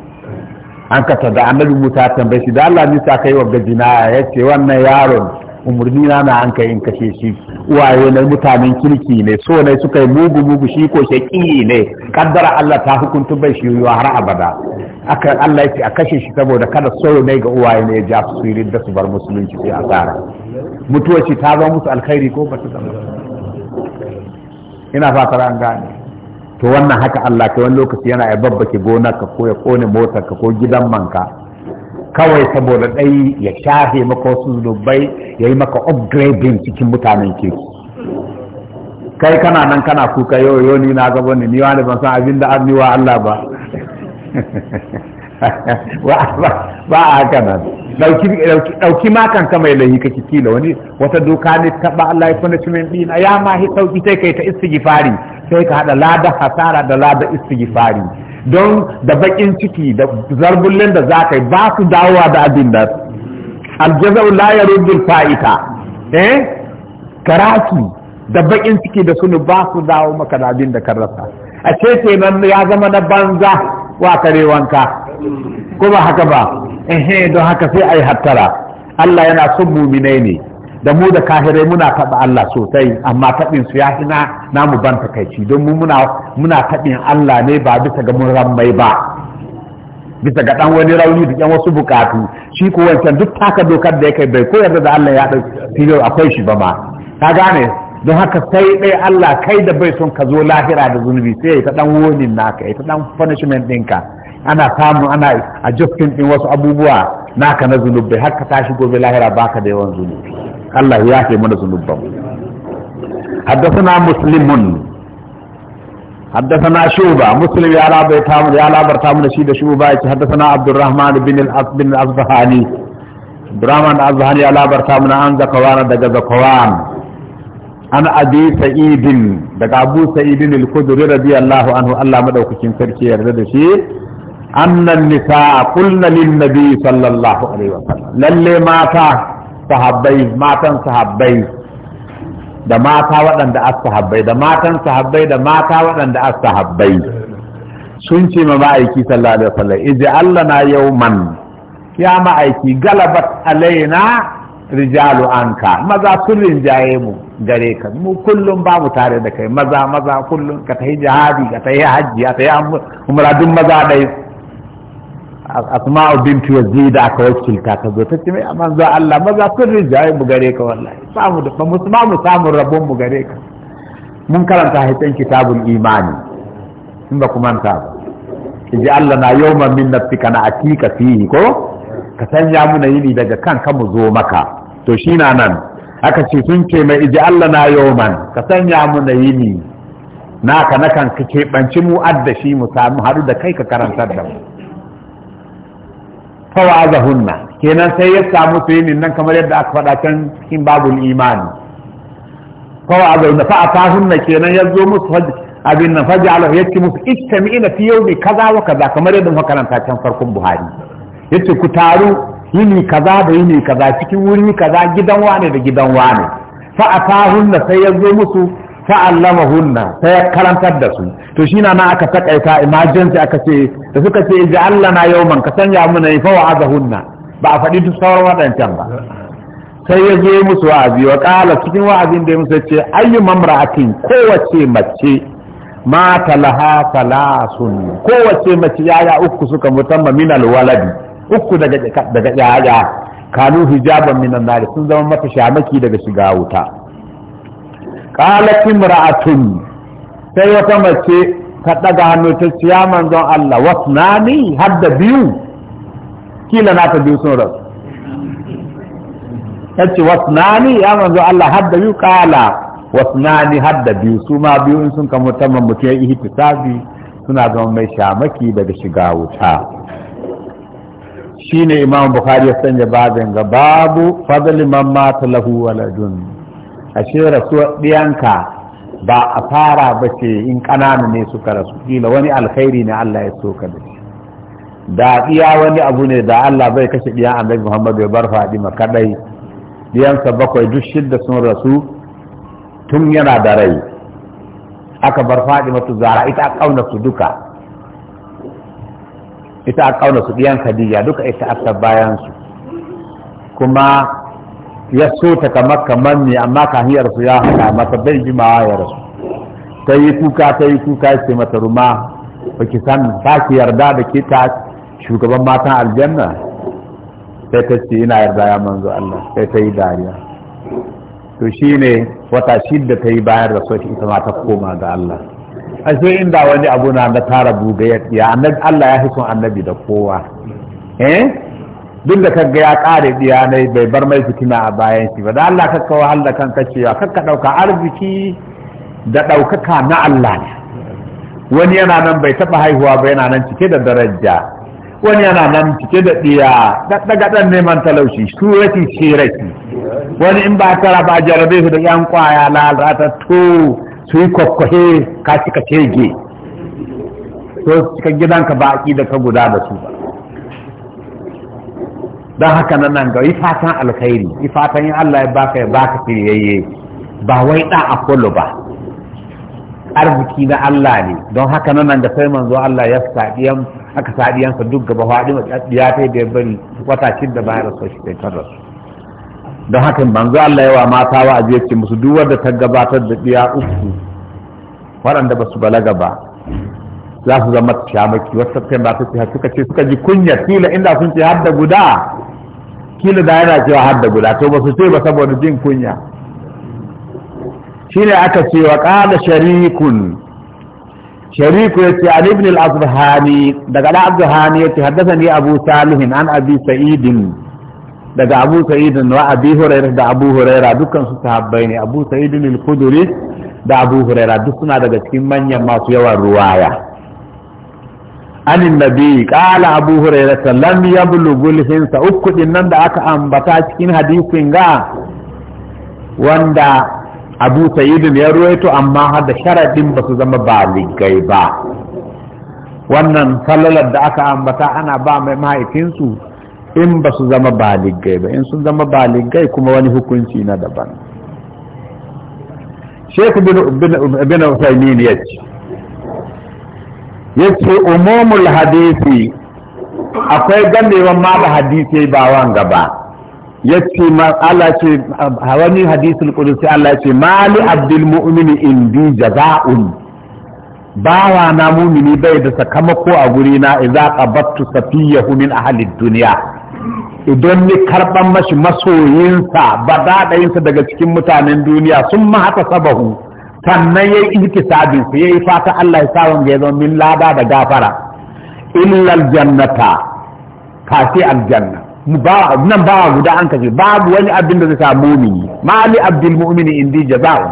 [SPEAKER 1] an ka da annabi musa tambaye shi da Allah sa kai wa gajina ya ce wannan yaron umarni na na an kai in kashe shi uwaye na mutanen kirki ne so ne suka yi mugu mugu shi ko shaƙi ne kaddara Allah ta hukunta bai shi yiwa har abada aka Allah ce a kashe shi saboda kada so ne ga uwaye ne ya ja su yi da su bar musulunci sai asara mutuwa ce ta zama musu alkhairi ko ba su zama ina fatar an gane to wannan haka Allah kai wani lokaci yana ya babbake gonarka ko ya kone motarka ko gidan manka kawai saboda ɗai ya shafe maka wasu zubai ya yi maka upgrading cikin mutanen kirki kai kana nan kana kuka yau yau ni na gaba ne ni wani ban san abin da an wa Allah (laughs) ba ba a haka nan dauki makan ka mai lahi kake kila wani wata doka ne ta ba Allah ya ɗin a ya ma hi sauki sai kai ta istigifari sai ka haɗa lada hasara da lada istigifari don da bakin ciki da zarbullen da za ka yi ba su dawowa da abin da aljazau la ya rubin fa'ita eh karaki da bakin ciki da sunu ba su dawo maka da abin da ka rasa a ce kenan ya zama na banza wa kare wanka ko ba haka ba eh don haka sai ai hattara Allah yana son muminai ne da mu da kahirai muna taɓa Allah sosai amma taɓin su ya na namu ban takaici don mu muna muna taɓin Allah ne ba bisa ga mun rammai ba bisa ga ɗan wani rauni da ƴan wasu bukatu shi ko wancan duk taka dokar da yake bai koyar da Allah ya ɗauki filin akwai shi ba ma ka gane don haka sai ɗaya Allah kai da bai son ka zo lahira da zunubi sai ya ta ɗan wonin naka ya ta ɗan punishment ɗinka ana samu ana a adjusting ɗin wasu abubuwa naka na zunubi har ka tashi gobe lahira baka da yawan zunubi الله يافي من ذنوبهم حدثنا مسلم حدثنا شوبة مسلم يا رب تامر يا رب تامر شيد شوبة حدثنا عبد الرحمن بن الأص بن الأصبهاني عبد الرحمن الأصبهاني يا رب تامر عن ذكوان دجا ذكوان أنا أبي سعيد دجا أبو سعيد الخدري رضي الله عنه الله مدوكين سركي يرد شيء أن النساء قلنا للنبي صلى الله عليه وسلم للي ماتا sahabbai matan sahabbai da mata waɗanda as sahabbai da matan sahabbai da mata waɗanda as sahabbai sun ce ma ma'aiki sallallahu alaihi wasallam ije Allah na yawman ya ma'aiki galabat alaina rijalu anka maza sun rinjaye mu gare ka mu kullum ba mu tare da kai maza maza kullum ka tai jihadi ka tai hajji ka tai umra maza dai asma'u bintu yazid aka wakilta ta zo ta ce mai manzo Allah maza kun rijaye mu gare ka wallahi samu da ba musulma mu samu rabon mu gare ka mun karanta haitan kitabul imani in ba kuma ta ba ji Allah na yawman min nafsika na atika fihi ko ka sanya muna yini daga kanka mu zo maka to shi na nan aka ce sun ce mai iji Allah na yawman ka sanya muna yini naka na kan ka keɓanci mu shi mu samu haɗu da kai ka karantar da mu hunna kenan sai ya samu su yin nan kamar yadda aka faɗa can cikin babul imani fawa'azahunna fa atahunna kenan ya zo musu abin nan faji Allah ya ce musu ina fi yawmi kaza wa kaza kamar yadda muka karanta can farkon Buhari yace ku taru yini kaza da yini kaza cikin wuri kaza gidan wane da gidan wane fa atahunna sai ya zo musu hunna ta ya karantar da su to shi na na aka takaita emergency aka ce da suka ce ja'allana yawman ka sanya muna yi hunna ba a faɗi duk sauran waɗancan ba sai ya zo musu wa'azi wa ƙala cikin wa'azin da ya musu ce ayyu mamra'atin kowace mace mata laha salasun kowace mace yaya uku suka musamman min alwaladi uku daga daga yaya kanu hijaban minan nari sun zama mata shamaki daga shiga wuta qalat ra'atun sai wata mace ta ɗaga hannu ta ciya ya manzon Allah wasu wasnani har da biyu kila na ta biyu sun rasu ta ce ni ya manzon Allah har da biyu kala wasnani har da biyu su ma biyu in sun kama ta mutum ya yi tafi suna zama mai shamaki daga shiga wuta shine imam bukhari ya sanya babin ga babu fadli man mata lahu waladun ashe rasuwar ɗiyanka ba a fara ba ce in ƙananu ne suka rasu kila wani alkhairi ne Allah ya soka da shi da iya wani abu ne da Allah bai kashe ɗiyan annabi Muhammadu ya bar Fadima kadai ɗiyansa bakwai duk shidda sun rasu tun yana da rai aka bar faɗi tu zara ita a su duka ita a kauna su ɗiyan Khadija duka ita aka bayan su kuma ya so ta kama kamar ne amma kahiyar su ya haɗa mata bai jimawa ya rasu ta yi kuka ta yi kuka ce mata ruma ba ki san ba ki yarda da ke ta shugaban matan aljanna sai ta ce ina yarda ya manzo Allah sai ta yi dariya to shi ne wata shidda ta yi bayan rasuwa ita ma ta koma ga Allah ashe inda wani abu na na tara bugayar ya Allah ya fi son annabi da kowa eh duk da kaga ya ƙare biya ne bai bar mai fitina a bayan shi ba da Allah kakka ka kan kacewa kakka ɗauka arziki da ɗaukaka na Allah ne wani yana nan bai taɓa haihuwa ba yana nan cike da daraja wani yana nan cike da ɗiya daga ɗan neman talauci su rashi rashi wani in ba tara ba jarabe su da yan kwaya lalata to su yi kwakwahe ka cika shege to cikin gidanka ba a da ka guda da su ba don haka nan nan ga yi fatan alkhairi yi fatan yin Allah ya baka ya baka shiryayye ba wai ɗan Apollo ba arziki na Allah ne don haka nan nan ga sai manzo Allah ya sadiyan aka sa duk gaba faɗi ya ta da ya bari wata da bayan rasuwa shi kai tarar don haka manzo Allah wa mata wa ajiye ce musu duk wanda ta gabatar da ɗiya uku waɗanda ba su balaga ba za su zama kyamaki wasu sakan ba su ce suka ce suka ji kunya kila inda sun ce hadda guda kila da yana cewa hadda guda to ba su ce ba saboda jin kunya shine aka ce wa qala sharikun shariku yace an ibn al-azhani daga al-azhani Haddasa ni abu Salihin, an abi sa'id daga abu sa'id wa abi hurairah da abu hurairah dukkan su sahabbai ne abu sa'id al-khudri da abu hurairah duk suna daga cikin manyan masu yawan ruwaya anin nabi qala abu hurairah ya yablughul hinsa uku din nan da aka ambata cikin hadisin ga wanda abu sayyidin ya ruwaito amma har da sharadin ba su zama baligai ba wannan falalar da aka ambata ana ba mai mahaifinsu in ba su zama baligai ba in sun zama baligai kuma wani hukunci na daban Sheikh bin Usaimin ya ce yace umumul hadisi akwai gamewan ma da hadisi ba wanga ba yace ma Allah ce wani hadisul qudusi Allah ce mali abdul mu'min indi jaza'un bawa na mumini bai da sakamako a guri na idza qabattu safiyahu min ahli dunya idan ni karban mashi masoyinsa ba daɗayinsa daga cikin mutanen duniya sun ma haka sabahu sannan ya yi ihtisabin su ya yi fata Allah ya sawan ya zama min lada da gafara illal jannata kafi aljanna nan ba guda an kace babu wani abin da zai sa mumini mali abdul mu'mini indi jaza'un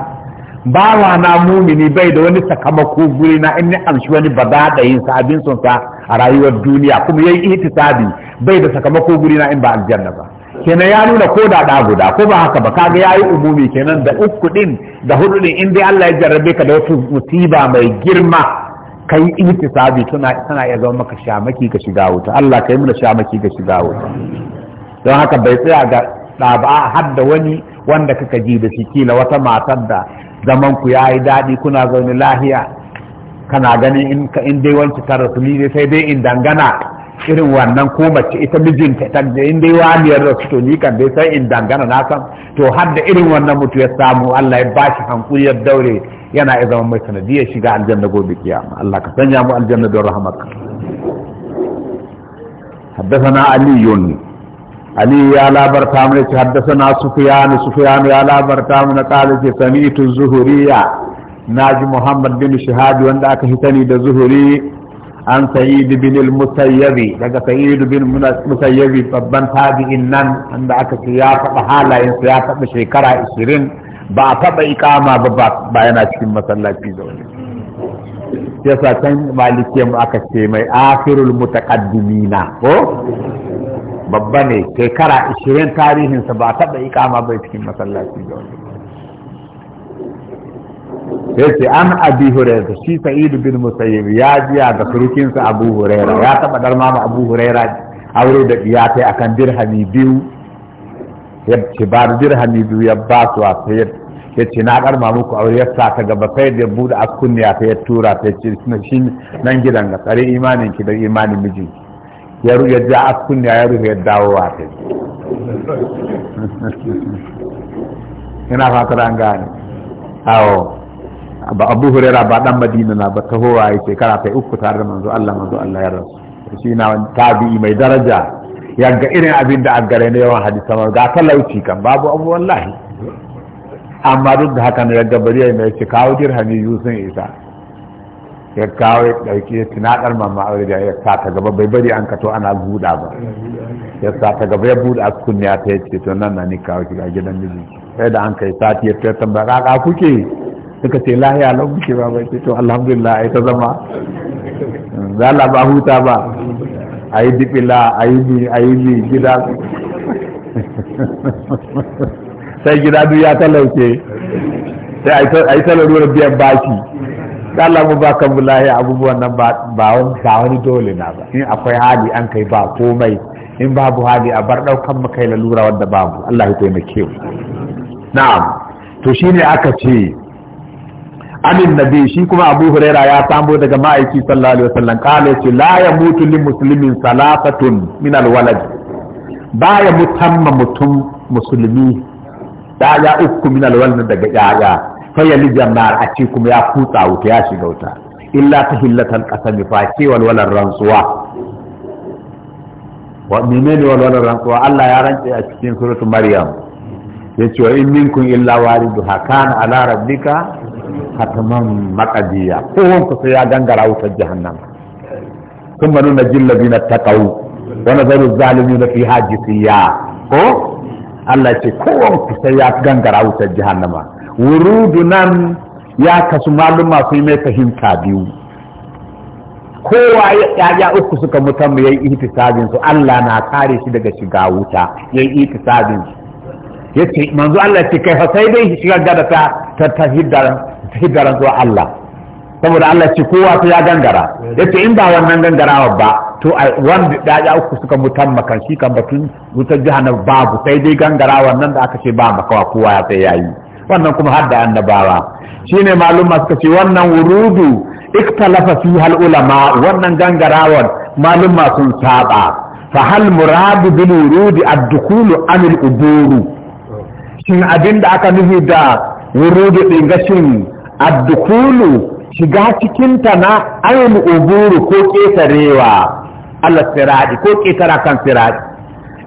[SPEAKER 1] bawa na mumini bai da wani sakamako guri na in amshi wani badadayin sa abin sun sa a rayuwar duniya kuma yayi ihtisabi bai da sakamako guri na in ba aljanna ba kenan ya nuna ko da ɗa guda ko ba haka ba kaga ya yi umumi kenan da uku ɗin da hudu ɗin in dai Allah ya jarrabe ka da wasu musiba mai girma ka yi ihtisabi tana tana iya zama maka shamaki ka shiga wuta Allah ka yi mana shamaki ka shiga wuta don haka bai tsaya ga ɗa ba har da wani wanda kaka ji da shi kila wata matar da zaman ku yayi daɗi kuna zaune lahiya kana ganin in dai wancan ta rasuli sai dai in dangana irin wannan ko mace ita mijinta ta da inda yi waliyar da to ni kan dai sai in dangana na san to har da irin wannan mutu ya samu Allah ya bashi hankuri ya daure yana ya zama mai sanadiyar shiga aljanna gobe kiyama Allah ka sanya mu aljanna don ya حدثنا علي علي يا لا برتامن حدثنا سفيان سفيان يا لا برتامن قال سمعت الزهري ناجي محمد بن شهاد wanda aka hitani da zuhuri an sayi bin musayyabi daga sayi bin musayyabi babban tabi'in nan da aka ce ya faɗa halayen ya faɗa shekara 20 ba a faɗa ikama ba ba yana cikin masallaci ya sa can malikiyar mu aka ce mai akhirul mutaqaddimina ko babba ne shekara 20 tarihinsa ba a faɗa ikama ba cikin masallaci wani yace an abi hurairah shi sa'id bin musayyib ya jiya ga surukin sa abu hurairah ya taba dar mama abu hurairah aure da diya kai akan dirhami biyu ya ce ba dirhami biyu ya ba su a sai ya ce na dar muku aure ya sa ta gaba sai da bude askunniya ta ya tura ta ce shi nan gidan ga tsare imanin ki da imanin miji ya ruya ja askunniya ya ruya dawo wa ta (laughs) ina fatar an gane awo ba abu hurera ba dan madina na ba tahowa ya shekara ta uku tare da manzo Allah manzo Allah ya rasu shi na tabi'i mai daraja Yaga irin abin da an gare ne yawan hadisa ga talauci kan babu abu wallahi amma duk da haka ne ga bari mai ce kawo dirhami yusun isa ya kawo ya ɗauki ya mamma aure da ya sa ta gaba bai bari an kato ana buɗa ba ya sa ta gaba ya buɗa kunniya ta ya ce to nan na ni kawo ki ga gidan miji sai da an kai sati ya fitar tambaya ka kuke suka ce lahiya na buke ba bai to alhamdulillah ai ta zama za la ba huta ba a yi dipila a yi bi a yi bi gida sai gida duk ya talauke sai a yi talaruwar biyan baki Allah mu ba kan lahiya abubuwan nan ba wani dole na ba in akwai hali an kai ba komai in babu hali a bar daukan makai lalura wanda babu Allah ya taimake mu na'am to shine aka ce amin nabi shi kuma abu huraira ya samo daga ma'aiki sallallahu alaihi wasallam kala yace la ya mutu lil muslimin salafatun min alwalad ba ya mutamma mutum musulmi da ya uku min alwalad daga yaya fa yali jama'ar a ce kuma ya kutsa wuta ya shiga wuta illa ta qasam fa ce walwalar rantsuwa wa menene walwalar rantsuwa Allah ya rance a cikin suratul maryam yace wa in minkum illa wariduha kana ala rabbika hatman maqadiya ko wanku sai ya gangara wutar jahannam thumma nunajjil ladina taqaw wa nadharu zalimina fi ya ko Allah ce ko wanku sai ya gangara wutar jahannama wurudunan ya kasu maluma sun mai fahimta biyu kowa ya uku suka mutum ya yi ihtisabin su Allah na kare shi daga shiga wuta ya yi ihtisabin su yace manzo Allah ce kai fa sai dai shiga gada ta ta hidda hidda zuwa Allah saboda Allah ce kowa ta ya gangara ce in ba wannan gangarawa ba to a wanda da uku suka mutammakan shi kan batun wutar jahannam babu sai dai gangarawa nan da aka ce ba makawa kowa ya sai yayi wannan kuma har da annabawa shine maluma suka ce wannan wurudu iktalafa fi hal ulama wannan gangarawan maluma sun saba fa hal muradu bil wurudi ad-dukhulu am al-uduru shin abinda aka nufi da wurudu din gashin addukulu shiga cikinta na ayin uburu ko ƙetarewa Allah siradi ko ƙetara kan siradi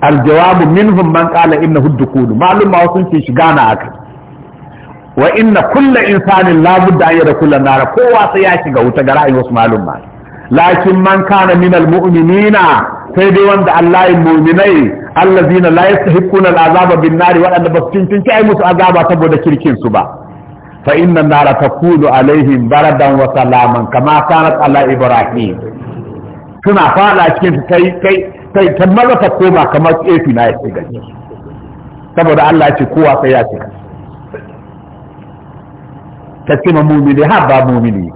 [SPEAKER 1] aljawabu minhum man qala innahu addukulu malum ma sun ce shiga na aka. wa inna kulla insanin labudda an yadkhula nar kowa sai ya shiga wuta ga ra'ayin wasu malum ma lakin man kana min almu'minina sai dai wanda Allah ya mu'minai allazina la yastahiquna al'azaba bin nar wa anna basu cincinci ai musu azaba saboda kirkin su ba فإن النار تكون عليهم بردا وسلاما كما كانت على إبراهيم suna fada cikin kai kai kai ta maza ta koma kamar tsefi na ya shiga saboda Allah ce kowa sai ya shiga ta ce ma mumini har ba mumini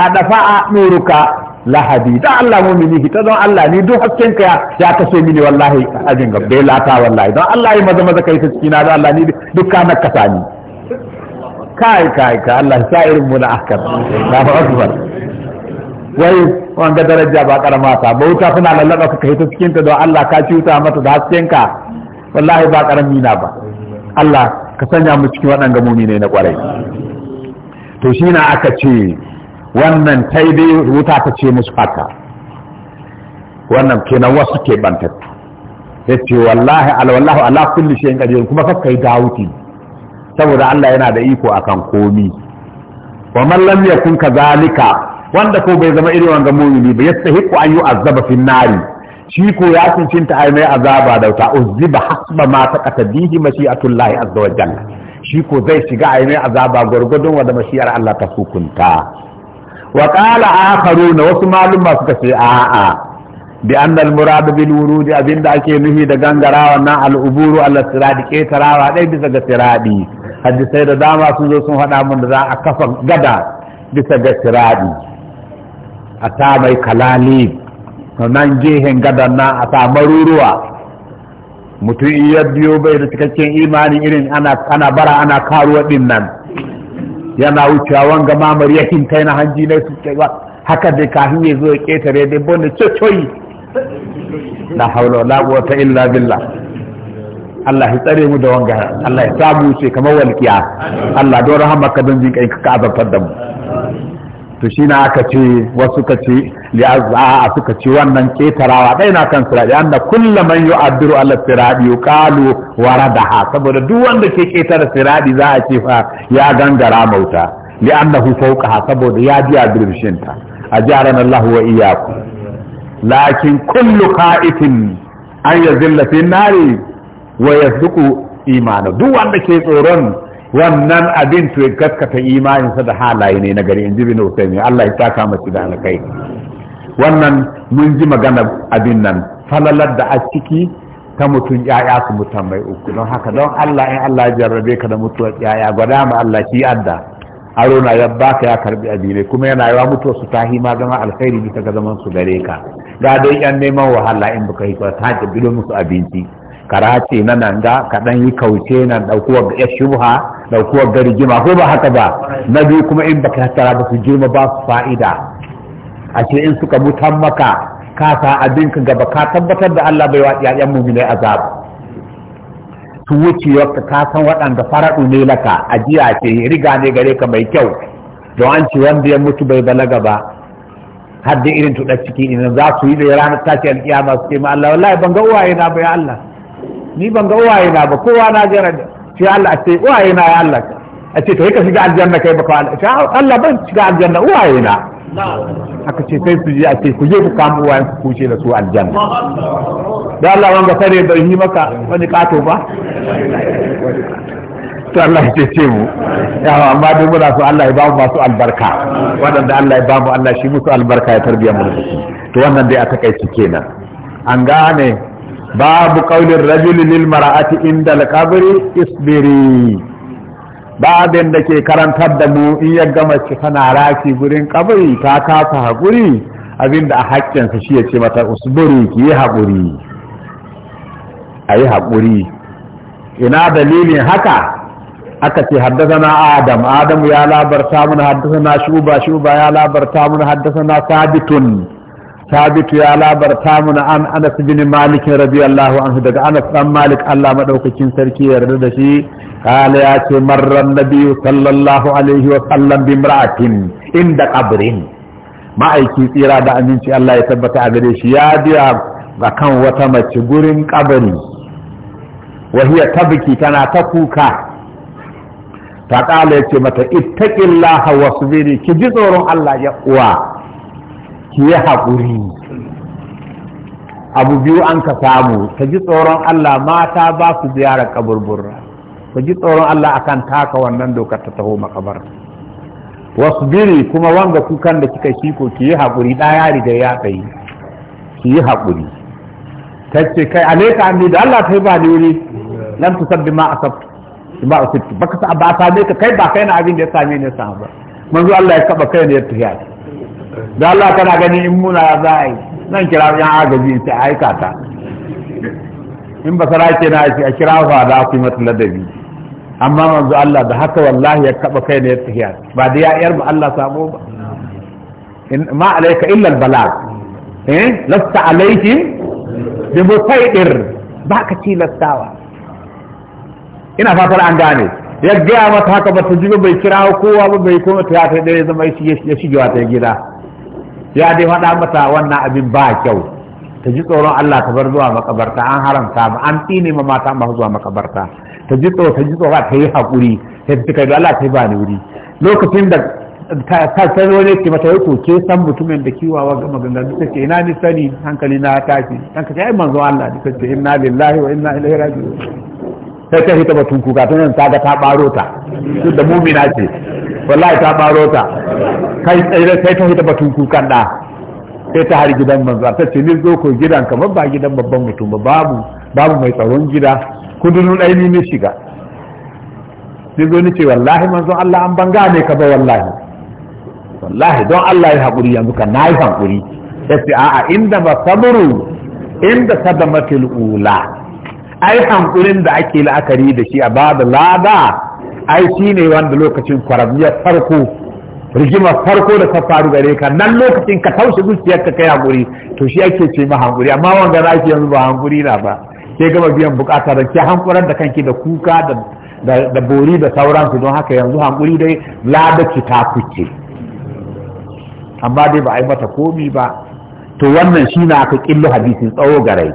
[SPEAKER 1] a dafa a nuruka lahadi da Allah mumini ki ta don Allah ni duk hasken ka ya kaso mini wallahi ajin lata wallahi Allah maza maza kai ta cikin na Allah ni kai kai ka Allah sa irin mu na akar na fa akbar wai wanga daraja ba karama ta bauta suna lallaba ka hito cikin ta don Allah ka ciuta mata da hasken ka wallahi ba karami na ba Allah ka sanya mu cikin waɗanga ne na kwarai to shi na aka ce wannan tai dai wuta ta ce musu haka wannan kenan wasu ke bantattu yace wallahi alwallahu ala kulli shay'in qadir kuma fakkai dawuti saboda Allah yana da iko akan komi wa man lam yakun kadhalika wanda ko bai zama irin wanga mu'mini ba yastahiqu an yu'azzaba fin nari shi ko ya cincinta ai mai azaba da ta uzziba hasba ma taqatabihi mashi'atullahi azza wa jalla shi ko zai shiga ai mai azaba gurgudun wa da mashi'ar Allah ta hukunta wa qala akharuna wasu maluma suka ce a bi annal muradu bil wurudi abinda ake nufi da gangarawa na al uburu al siradi ke tarawa dai bisa ga siradi hadisai da dama sun zo sun haɗa mun da za a kafa gada bisa ga tiradi a ta mai kalali nan gehen gadan nan a ta maruruwa mutum iya biyo bai da cikakken imanin irin ana bara ana karuwa din nan yana wucewa wanga mamar yakin kai na hanji na su haka dai kafin ya zo ya ketare dai bonne cocoyi la haula wala quwwata illa billa. Allah ya tsare mu da wanga Allah ya samu ce kamar walkiya Allah don rahamaka don jin kai ka azabtar da mu to shi na aka ce wasu ka ce a suka ce wannan ketarawa ɗaya na kan siradi an da kullum man yu'addiru ala siradi yuqalu waradaha saboda duk wanda ke ketara siradi za a ce fa ya gangara mauta li'annahu fawqaha saboda ya biya birshinta ajarana Allah wa iyyakum lakin kullu qa'itin an yazilla fi nari wa yasduku imanu duk wanda ke tsoron wannan abin to gaskata sa da halaye ne na gari in ji bin Usaimi Allah ya taka masu da alkai wannan mun ji magana abin nan falalar da a ciki ta mutum ya'ya su mutum mai uku don haka don Allah in Allah ya jarrabe ka da mutuwa ya'ya gwada ma Allah shi adda aro na ya baka ya karbi abinai kuma yana yawa mutuwa su ta hima zama alkhairi bisa ga zaman su gare ka ga dai yan neman wahala in baka yi ta ta bilo musu abinci karace na nan ga kaɗan yi kauce nan ɗaukuwar ya shubha ɗaukuwar ga rigima ko ba haka ba na biyu kuma in baka tattara ba su girma ba su fa'ida a ce in suka mutan maka ka sa abin ka gaba ka tabbatar da Allah bai wa yayan mumina azab su wuce ka ka san waɗanda faraɗu ne laka ajiya ce riga ne gare ka mai kyau don an ce wanda ya mutu bai balaga ba har da irin tuɗa ciki idan za su yi da ranar tashi alƙiyama su ce ma Allah wallahi ban ga uwaye na bai Allah ni ban ga uwaye na ba kowa na jira shi Allah a ce uwaye na ya Allah a ce to ka shiga aljanna kai ba fa Allah ban shiga aljanna uwaye na aka ce sai su je a ce ku je ku kama uwaye ku kuce da su aljanna da Allah wanga sare bai yi maka wani kato ba to Allah ya ce mu yawa amma duk muna so Allah ya ba mu masu albarka wadanda Allah ya ba mu Allah shi musu albarka ya tarbiya mu to wannan dai a takaice kenan an gane babu kaunin rajuli lil mar'ati inda al isbiri babin da ke karantar da mu in ya gama ci tana raki gurin kabari ta kasa haƙuri abinda a haƙƙinsa shi ya ce mata usburi ki yi haƙuri a yi ina dalilin haka aka ce na adam Adamu ya labarta mun na shuba shuba ya labarta mun haddasa na sabitun sabitu ya labarta muna an anas bin malik radiyallahu anhu daga anas dan malik Allah madaukakin sarki yarda da shi kala ya ce marran nabi sallallahu alaihi wa sallam bi imra'atin inda qabrin ma'aiki tsira da aminci Allah ya tabbata a gare shi ya biya ga kan wata mace gurin kabari wa hiya tabki tana ta kuka ta kala ya ce mata ittaqillaha wasbiri ki ji tsoron Allah ya uwa ki yi haƙuri abu biyu an ka samu ka ji tsoron Allah mata ba su ziyara kaburburra ka ji tsoron Allah akan taka wannan dokar ta taho makabar wasu biri kuma wanga kukan da kika shi ko ki yi haƙuri ɗaya riga ya tsayi ki yi haƙuri ta ce kai alaika an da Allah ta yi ba ni wuri lam tusabbi ma asabtu ba ba baka sa ba same ka kai ba kai na abin da ya same ni ya samu ba manzo Allah ya kaba kai ne ya tafiya da Allah kana gani in muna za a yi nan kira yan agaji ta aika ta in ba sara ke na a kira fa da su mata ladabi amma manzo Allah da haka wallahi ya kaba kai ne ya tsiya ba da ya yar ba Allah sabo ba ma alayka illa balag eh lasta alayki bi musaidir ba ka ci lastawa ina fatar an gane ya gaya mata haka ba ta ji bai kira kowa ba bai koma ta ya ta dai zama ya shige wata gida ya dai faɗa mata wannan abin ba kyau ta ji tsoron Allah ta bar zuwa makabarta an haramta ba an tsine ma mata ba zuwa makabarta ta ji tsoro ta ji tsoro ta yi hakuri ta fi kai Allah ta ba ni wuri lokacin da ta san wani ke mata yau ke san mutumin da kiwawa ga da ta ke? ina ni sani hankali na tashi dan ka ce ai manzo Allah ta ce inna lillahi wa inna ilaihi raji'un sai ta hita batun kuka ta ta ga ta baro ta duk da mumina ce wallahi ta baro ta kai tsaye sai ta hita batun kukan da sai ta har gidan manzo ta ce ni zo ko gidan kamar ba gidan babban mutum ba babu babu mai tsaron gida kudin dai ni ne shiga ni zo ni ce wallahi manzo Allah an banga ne ka ba wallahi wallahi don Allah ya hakuri yanzu ka nayi hakuri sai a'a inda ba sabru inda sadamatul ula ai hankulin da ake la'akari da shi a bada lada ai shi ne wanda lokacin kwaramiyar farko rigima farko da ta faru gare ka nan lokacin ka taushe zuciyar ka kai hankuri to shi ake ce ma hankuri amma wanga na ake yanzu ba hankuri na ba ke gama biyan bukata da ke hankuran da kanki da kuka da da bori da sauransu don haka yanzu hankuri dai ladaci ta kuce amma dai ba a yi mata komi ba to wannan shi na aka killo hadisin tsawo gare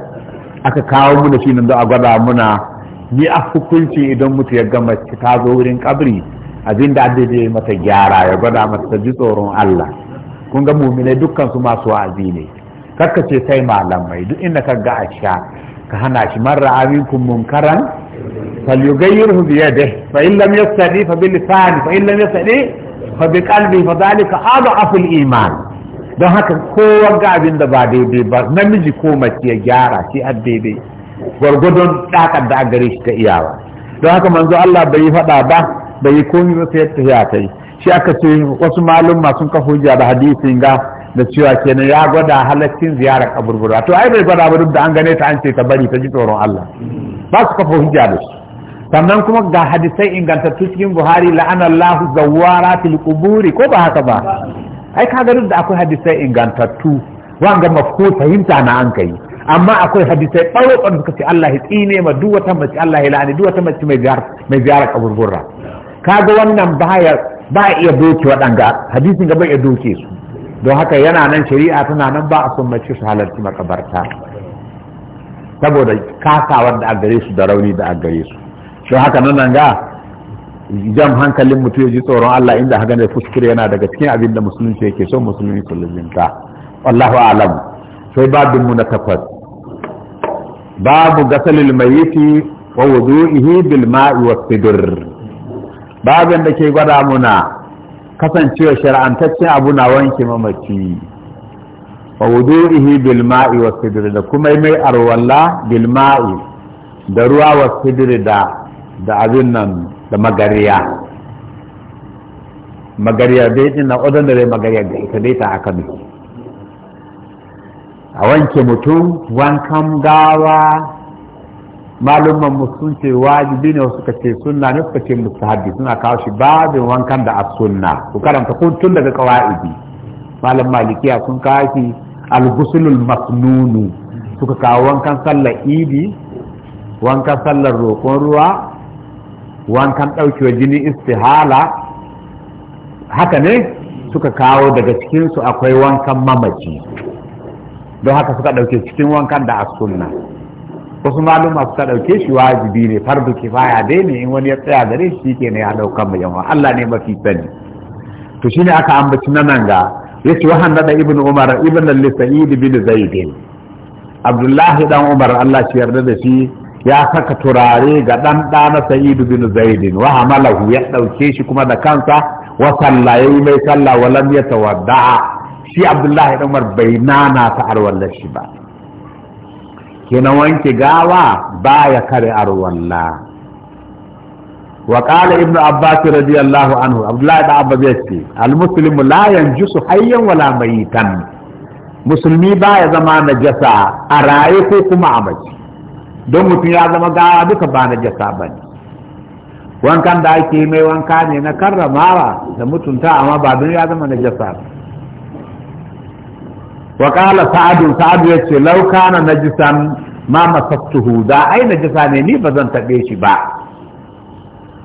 [SPEAKER 1] aka kawo muna shi nan don a gwada muna ni a hukunci idan mutu ya gama ta zo wurin kabri abin da addaje mata gyara ya gwada mata ji tsoron Allah kun ga muminai dukkan su masu wa'azi ne Karka ce sai malamai duk inda ka ga asha ka hana shi marra aminkum munkaran falyughayyirhu bi yadihi fa in lam yastadi fa bil lisan fa in lam yastadi fa bi qalbi fa dhalika adhafu al iman don haka kowa ga abin da ba daidai ba namiji ko mace ya gyara shi a daidai gwargwadon ɗakar da gare shi ta iyawa don haka manzo Allah bai yi faɗa ba bai yi komi ba sai ta ta yi shi aka ce wasu malumma sun kafa hujja da hadisin ga da cewa kenan ya gwada halaccin ziyarar kaburbura to ai bai gwada ba duk da an gane ta an ce ta bari ta ji tsoron Allah ba su kafa hujja da shi sannan kuma ga hadisai ingantattu cikin Buhari la'anallahu zawaratil quburi ko ba haka ba ai ka ga duk da akwai hadisai ingantattu wanga mafhum fahimta na an kai amma akwai hadisai ɓaro ɓaro suka ce Allah ya tsine ma duk wata mace Allah ya la'ani duk wata mace mai ziyara kaburburra kaga wannan baya ba iya doke waɗanga hadisin ga bai iya doke su don haka yana nan shari'a tana nan ba a son mace su halarci makabarta saboda kasawar da a gare su da rauni da a gare su don haka nan ga jam hankalin mutum ya ji tsoron Allah inda haka ne fuskure yana daga cikin abin da musulunci yake son musulunci su lizinta wallahu alam sai babinmu mu na takwas babu gasalil mayiti wa wudu'ihi bil ma'i was sidr babin da ke gwada muna kasancewa shar'antaccen abu na wanke mamaci wa wudu'ihi bil ma'i was sidr da kuma mai arwalla bil ma'i da ruwa was sidr da da abin nan da magariya magariya dai ina odan da dai magariya da ita dai ta aka miki a wanke mutum wankan gawa malumman mu sun ce wajibi ne wasu ka ce sunna ne suka ce mustahabi suna kawo shi babin wankan da a sunna ku karanta kun tun daga qawaidi malam malikiya sun kawo shi al masnunu suka kawo wankan sallar idi wankan sallar roƙon ruwa wankan ɗaukewa jini istihala haka ne suka kawo daga cikinsu akwai wankan mamaci don haka suka ɗauke cikin wankan da as-sunna wasu maluma suka ɗauke shi wajibi ne fardu kifaya dai ne in wani ya tsaya gare shi ke ne ya ɗaukan mu yawa Allah ne mafi sani to shi ne aka ambaci na nan ga yace wa da ibn umar ibn al-sa'id bin zaidin Abdullahi dan umar Allah shi yarda da shi ya saka turare ga dan na sa'id bin zaidin wa hamalahu ya ɗauke shi kuma da kansa wa sallaye mai sallah wa lam yatawadda shi abdullahi dan bai nana ta arwallar shi ba kenan wanke gawa baya kare arwalla wa qala ibnu abbas radiyallahu anhu abdullahi da abba yace al muslimu la yanjusu hayyan wala mayitan musulmi baya zama najasa a raye ko kuma a mace don mutum ya zama gawa duka ba najasa bane wankan da ake mai wanka ne na karramawa da mutunta amma ba don ya zama najasa ba wa Sa'adu, Sa'adu sa'ad yace lauka na najisan ma masattuhu da ai najisa ne ni bazan taɓe shi ba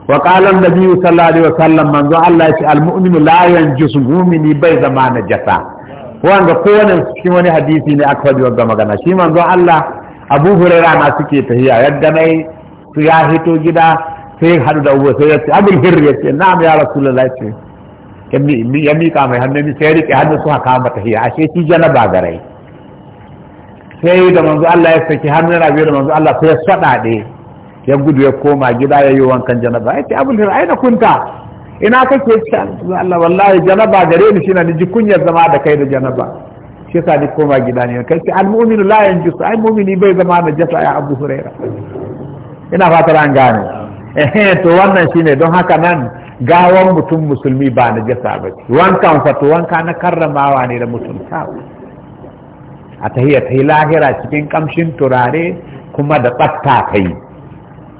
[SPEAKER 1] wa kala an-nabi sallallahu alaihi wasallam manzo Allah yace al-mu'minu la yanjisu mu'mini bai zama najasa wanda kowane cikin wani hadisi ne aka faɗi wanda magana shi manzo Allah Abu Hurairah na suke tafiya yadda nai su ya hito gida sai hadu da Abu sai ya ce abul hirr ya ce na'am ya rasulullahi ya miƙa mai hannun sai rike hannun suka kama hiya ashe shi janaba garai sai da manzo Allah ya saki hannun rabi da manzo Allah sai ya saɗaɗe ya gudu ya koma gida ya yi wankan janaba ya ce abul hir na kunta ina kake ta Allah wallahi janaba gare ni shine ni ji kunyar zama da kai da janaba shi yasa ni koma gida ne kai ce al mu'minu la yanjusu ai mu'mini bai zama da jasa ya abu huraira ina fatar an gane (laughs) eh to wannan shine don haka nan gawan mutum musulmi ba na jasa ba ce wankan fato wanka na karramawa ne da mutuntawa a tahiyar ta yi lahira cikin kamshin turare kuma da tsafta ta yi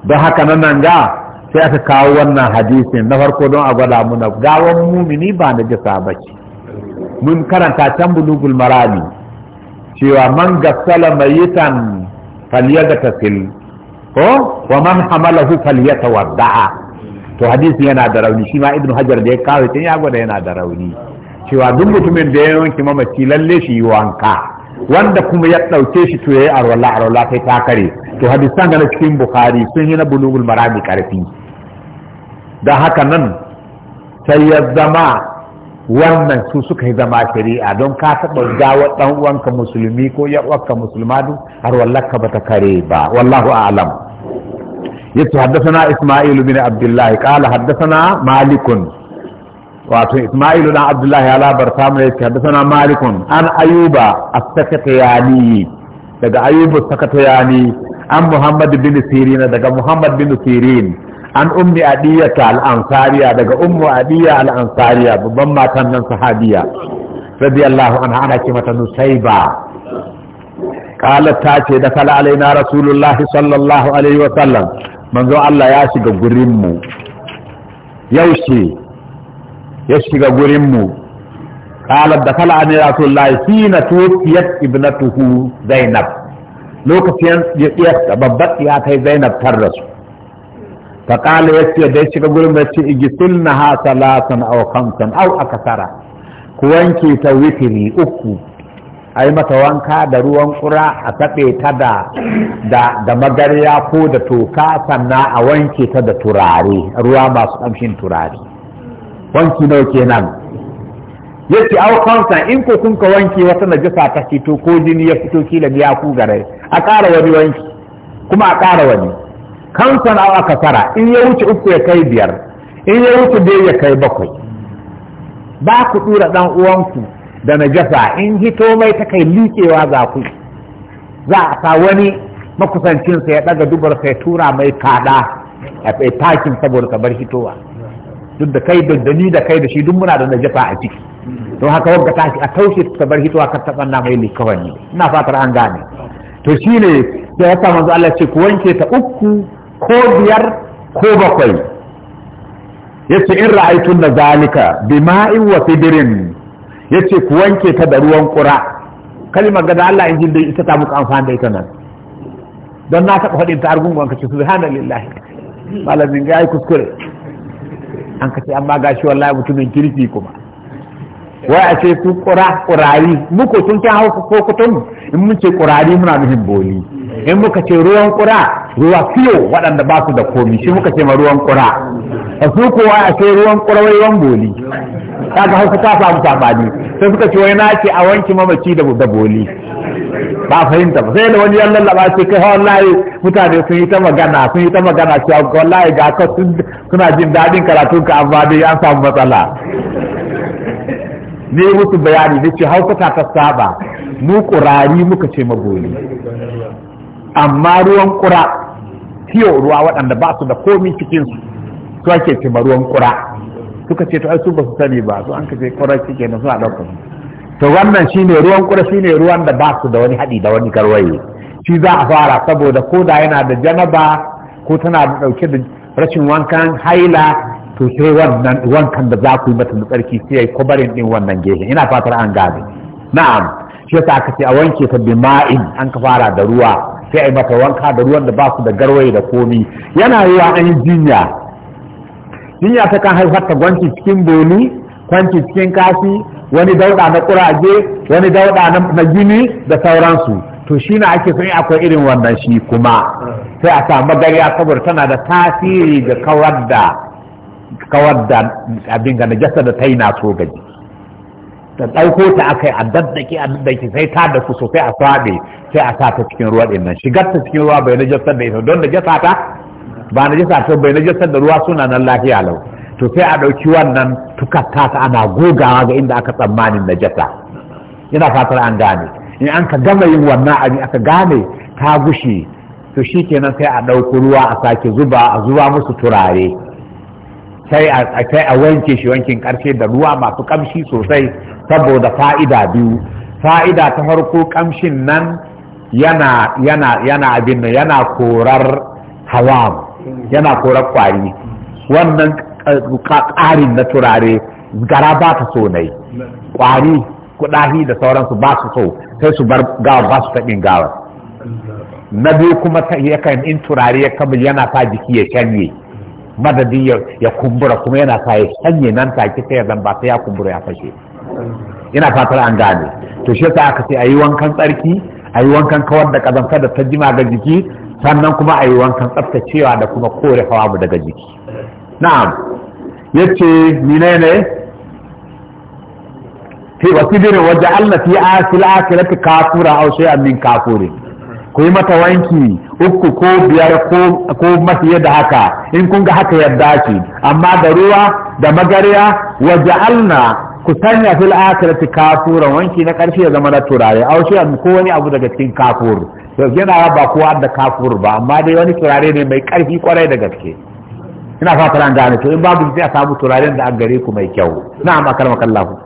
[SPEAKER 1] don haka na nan ga sai aka kawo wannan hadisin na farko don a gwada muna gawan mumini ba na jasa ba ce mun karanta can bulugul marami cewa man gassala mayitan fil. ko wa man hamalahu wadda'a to hadisi yana da rauni shi ma ibnu hajar da ya kawo tun ya gwada yana da rauni cewa duk mutumin da ya wanke mamaci lalle shi yi wanka wanda kuma ya ɗauke shi to yayi arwala arwala kai ta kare to hadisan na cikin bukhari sun yi na bulugul marami karfi da haka nan sai ya zama wannan su suka yi zama shari'a don ka taɓa gawa ɗan uwanka musulmi ko ya uwanka musulma duk har wallaka bata kare ba wallahu a'lam yace haddathana isma'il bin abdullah qala haddathana malikun wato isma'il dan abdullah ya labarta mu yace haddathana malikun an ayuba as-sakatayani daga ayuba as-sakatayani an muhammad bin sirin daga muhammad bin sirin an ummi adiyata al-ansariya daga ummu adiya al-ansariya babban matan nan sahabiya radiyallahu anha ana ce mata nusaiba قالت تاتي دخل علينا رسول الله صلى الله عليه وسلم manzo Allah ya shiga gurinmu yaushe ya shiga gurinmu kalar da kala ne rasu laifi na tofiyar ibnatuhu zainab lokacin ya babbar ya kai zainab tarra su ta kala ya ce da ya shiga gurin mai ce igisil na ha salatan au kamsan au ku wanke ta wifiri uku a yi mata wanka da ruwan kura a taɓe ta da da magarya ko da toka sannan a wanke ta da turare ruwa masu ƙamshin turare wanki nawa kenan yake aukansa in ko kun ka wanke wata najasa ta fito ko jini ya fito kila ya ku gare a ƙara wani wanki kuma a ƙara wani na aka kasara in ya wuce uku ya kai biyar in ya wuce biyar ya kai bakwai ba ku tura ɗan uwanku da najasa in hito mai ta kai liƙewa za ku za a sa wani makusancinsa ya ɗaga dubar sai tura mai kaɗa a takin saboda kamar hitowa duk da kai da ni da kai da shi duk muna da najasa a ciki don haka wanda ta a taushe ta bar hitowa kar ta tsanna mai likawani ina fatar an gane to shi ne da ya manzo Allah ce ku wanke ta uku ko biyar ko bakwai yace in ra'aytun da zalika bima'in wa sidrin yace ku wanke ta da ruwan kura kalmar gada Allah in dai ita ta muku amfani da ita nan don na taɓa faɗin ta argungun ka ce subhanallah malamin ga yi kuskure an kace amma gashi wallahi mutumin kirki kuma wai a ce ku kura kurari muku tun ta hausa ko kutun in mun ce kurari muna nufin boli in muka ce ruwan kura ruwa fiyo waɗanda ba su da komi shi muka ce ma ruwan kura a su kowa a ce ruwan kura wai ruwan boli kaga hausa ta samu sabani sai suka ce wai na ce a wanki mamaci da da boli ba fahimta ba sai da wani yan lallaba ce kai wallahi mutane sun yi ta magana sun yi ta magana cewa wallahi ga ka suna jin daɗin karatun ka amma dai an samu matsala ne musu bayani da ce hausa ta ta saba mu kurari muka ce magoli amma ruwan kura fiyo ruwa waɗanda ba su da komi cikinsu su ake ce ruwan kura suka ce to ai su ba sani ba su an ka ce kwarai ke kenan suna dauka to wannan shine ruwan shi ne ruwan da ba su da wani haɗi da wani karwaye shi za a fara saboda ko da yana da janaba ko tana da ɗauke da rashin wankan haila to sai wannan wankan da za ku yi mata da tsarki sai yi kwabarin ɗin wannan gefe ina fatar an gane na'am shi yasa aka ce a wanke ta ma'in an ka fara da ruwa sai a yi mata wanka da ruwan da ba su da garwaye da komi yana yiwa an yi jinya jinya ta kan haifar ta gwanci cikin boli kwanci cikin kashi wani dauda na kuraje wani dauda na gini da sauransu to shi na ake son akwai irin wannan shi kuma sai a samu a saboda tana da tasiri ga kawar da kawar da abin ga najasa da ta yi na so gaji ta ɗauko ta aka yi a daddake a daddake sai ta da su sosai a swaɗe sai a sa ta cikin ruwa ɗin nan shigar ta cikin ruwa bai najasa da ita don najasa ta ba na jisa to bai na da ruwa suna nan lafiya lau to sai a ɗauki wannan tukatta ta ana gogawa ga inda aka tsammanin na jasa ina fatar an gane in an ka gama yin wannan abin aka gane ta gushe to shi kenan sai a ɗauki ruwa a sake zuba a zuba musu turare sai a wanke shi wankin ƙarshe da ruwa masu ƙamshi sosai saboda fa'ida biyu fa'ida ta farko ƙamshin nan yana yana yana abin yana korar hawam yana korar kwari wannan ƙarin na turare gara ba ta so na yi kwari kudahi da sauransu ba su so sai su bar gawa ba su taɓin gawar na biyu kuma yakan in turare ya kama yana sa jiki ya shanye Madadin ya kumbura kuma yana sa ya canye nan take sai ya zan sai ya kumbura ya fashe ina fatar an gane to shi yasa aka ce a yi wankan tsarki a yi wankan kawar da kazanta da ta jima ga jiki sannan kuma a yi wankan tsaftacewa da kuma kore hawa daga jiki na'am Ya yace menene fi wasidirin waje Allah fi a asil akirati kafura a wasu yammin kafurin ku yi mata wanki uku ko biyar ko mafi yadda haka in kun haka yadda ce amma da ruwa da magariya, waje alna ku tanya fil akhirati kafura wanki na karshe ya zama na turare wasu yanzu ko wani abu daga cikin kafur to yana ba kowa da kafur ba amma dai wani turare ne mai karfi kwarai da gaske ina fatan an gane to in babu sai a samu turaren da an gare ku mai kyau na'am akalma kallahu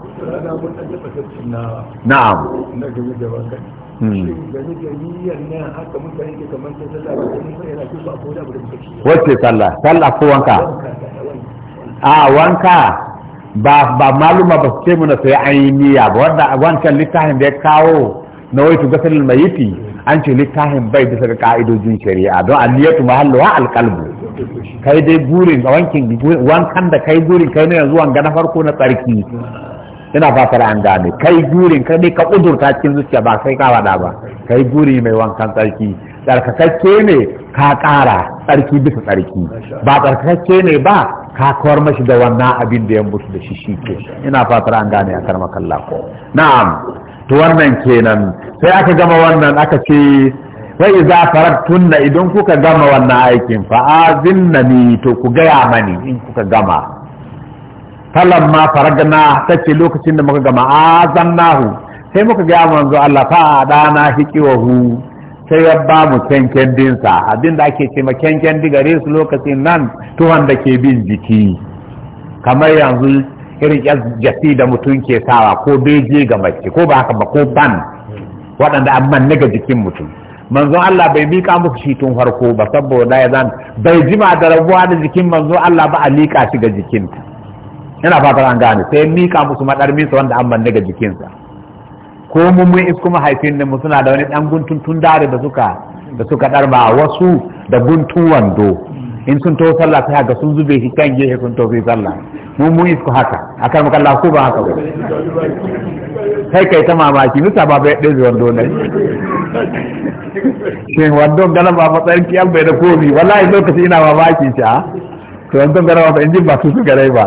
[SPEAKER 1] na'am hmm. wacce sallah sallah ko wanka a ah, wanka ba ba maluma ba su ce muna sai an yi niyya ba wanda wancan littafin da ya kawo na waitu gasalin mayiti an ce littafin bai bisa ga ka'idojin shari'a don aliyatu mahalluwa alƙalbu. kai dai burin a wankin wankan da kai burin kai ne yanzu wanga na farko na tsarki ina fatar an gane kai burin kai dai ka kudurta cikin zuciya ba sai ka wada ba kai buri mai wankan tsarki tsarkakakke ne ka kara tsarki bisa tsarki ba tsarkakakke ne ba ka kawar mashi da wannan abin da ya mutu da shi shi ke ina fatar an gane a karma kalla ko na'am to wannan kenan sai aka gama wannan aka ce wai za tunna idan kuka gama wannan aikin fa ni to ku gaya mani in kuka gama gana faragna ce lokacin da muka gama azannahu sai muka gaya manzo Allah fa dana hikiwahu sai ya ba mu kyankyan dinsa abinda ake ce ma kyankyan digare su lokacin nan tuwon da ke bin jiki kamar yanzu irin yasi da mutum ke sawa ko beje ga mace ko ba haka ba ko ban waɗanda an manne ga jikin mutum manzo Allah bai mika muku shi tun farko ba saboda ya zan bai jima da rabuwa da jikin manzo Allah ba a liƙa shi ga jikinta ina fatan an gane sai mika musu sa wanda an manne ga jikinsa ko mun mun isko mahaifin mu suna da wani dan guntun tun dare da suka da suka darba wasu da guntun wando in sun to sallah sai ga sun zube shi kan gehe sun to sai sallah mun mun isko haka akan maka Allah ko ba haka ba sai kai ta mamaki nusa ba bai da wando ne sai wando galan ba matsayin kiyal bai da komi wallahi lokaci ina mamaki ta to wando garawa ba injin ba su su garai ba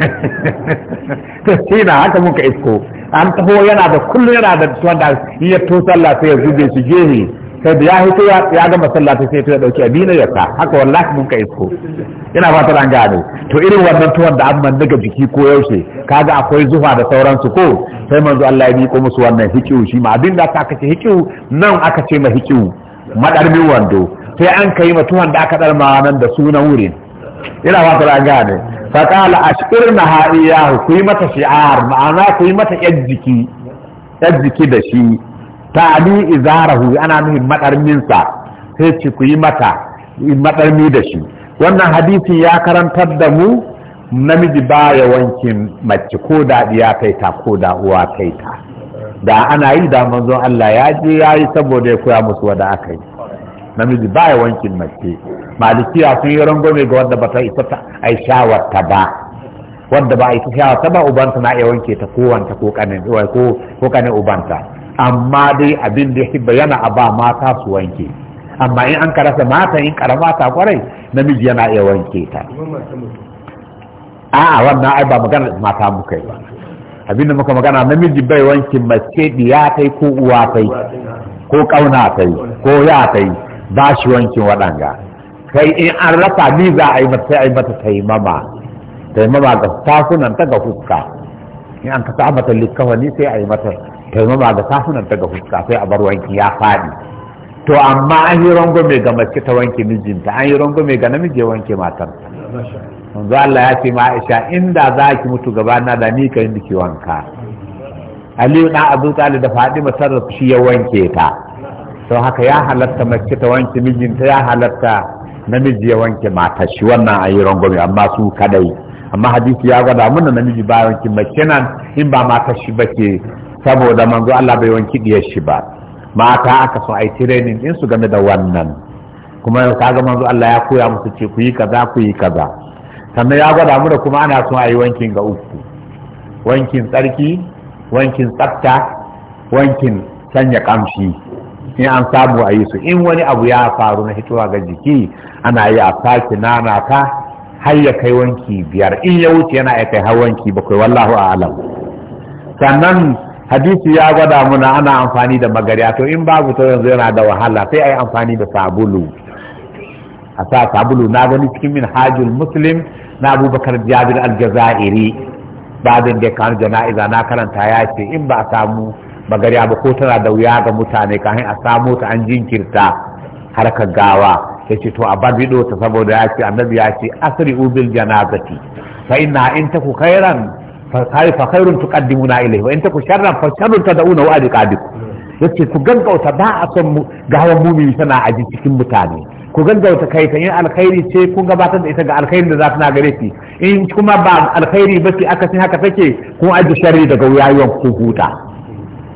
[SPEAKER 1] (laughs) to shi na haka muka isko an taho yana da kullum yana da da in ya to sallah sai ya zube su gehe sai da ya hito ya gama sallah ta sai ya dauki abina ya sa haka wallahi mun ka isko ina fatan an gane to irin wannan tuwon da amman daga jiki ko yaushe kaga akwai zufa da sauransu ko sai manzo Allah ya miko musu wannan hikiu shi ma abin da aka ce hikiu nan aka ce ma hikiu madarmin wando sai an kai ma tuwon da aka ma nan da sunan wurin ina fatan an gane faƙala a shirin na ha'iyahu ku yi mata shi'ar ma'ana ku yi mata yan jiki jiki da shi ta ali izarahu ana nuhin maɗarminsa sai ci ku yi mata maɗarmi da shi wannan hadisi ya karantar da mu namiji baya wankin mace ko da ya kai ta ko da uwa kai ta da ana yi da manzon Allah ya je ya yi saboda ya koya musu wada aka yi namiji baya wankin mace malikiya sun yi rangwame ga wanda ba ta isa ta ai shawarta ba wanda ba a isa shawarta ba ubanta na iya wanke ta ko wanta ko kanin ko kanin ubanta amma dai abin da yake yana a ba mata su wanke amma in an karasa mata in karama ta kwarai namiji yana iya wanke ta a'a wannan ai ba magana mata muka yi ba abinda muka magana namiji bai wanke mace diya ta ko uwa ta ko kauna ta ko ya ta ba shi wankin waɗanga kai in an rasa ni za a yi mata sai a yi mata taimama taimama ga tafunan ta ga fuska in an kasa mata ni sai a yi mata taimama ga tafunan ta ga fuska sai a bar wanki ya faɗi to amma an yi rangwame ga mace ta wanke mijinta an yi rangwame ga namiji ya wanke matar manzo Allah ya ce ma Aisha inda za ki mutu gaba na da ni kai miki wanka Aliyu na Abu Talib da Fadima sarrafa shi ya wanke ta to haka ya halatta mace ta wanke mijinta ya halatta namiji ya wanke mata shi wannan a yi rangwame amma su kadai amma hadisi ya gwada muna namiji ba wanke mace nan in ba mata shi ba ke saboda manzo Allah bai wanki diyar shi ba mata aka so ai training in su game da wannan kuma kaga manzo Allah ya koya musu ce ku yi kaza ku yi kaza sannan ya gwada mu da kuma ana so ayi wankin ga uku wankin tsarki wankin tsafta wankin sanya kamshi in an samu a yi su in wani abu ya faru na hitowa ga jiki ana yi a sake nana ta har ya kai wanki biyar in ya wuce yana ya kai har wanki bakwai wallahu a'lam sannan hadisi ya gwada muna ana amfani da magariya to in babu to yanzu yana da wahala sai a amfani da sabulu a sa sabulu na gani cikin min hajjul muslim na abubakar jabir aljazairi babin da kan jana'iza na karanta ya ce in ba a samu bagariya ba ko tana da wuya ga mutane kafin a samu ta an jinkirta harkar gawa ya ce to a barbido ta saboda ya ce annabi ya ce asri ubil janazati fa inna in ku khairan fa khairun tuqaddimuna ilayhi wa in ta ku sharran fa sharrun tad'una wa adiqadik yace ku gaggauta ba a son gawan mumini tana a cikin mutane ku gaggauta kai ta yin alkhairi ce kun gabatar da ita ga alkhairi da za ta gare ki in kuma ba alkhairi ba ki aka sai haka take kun aji sharri daga wuyayen ku huta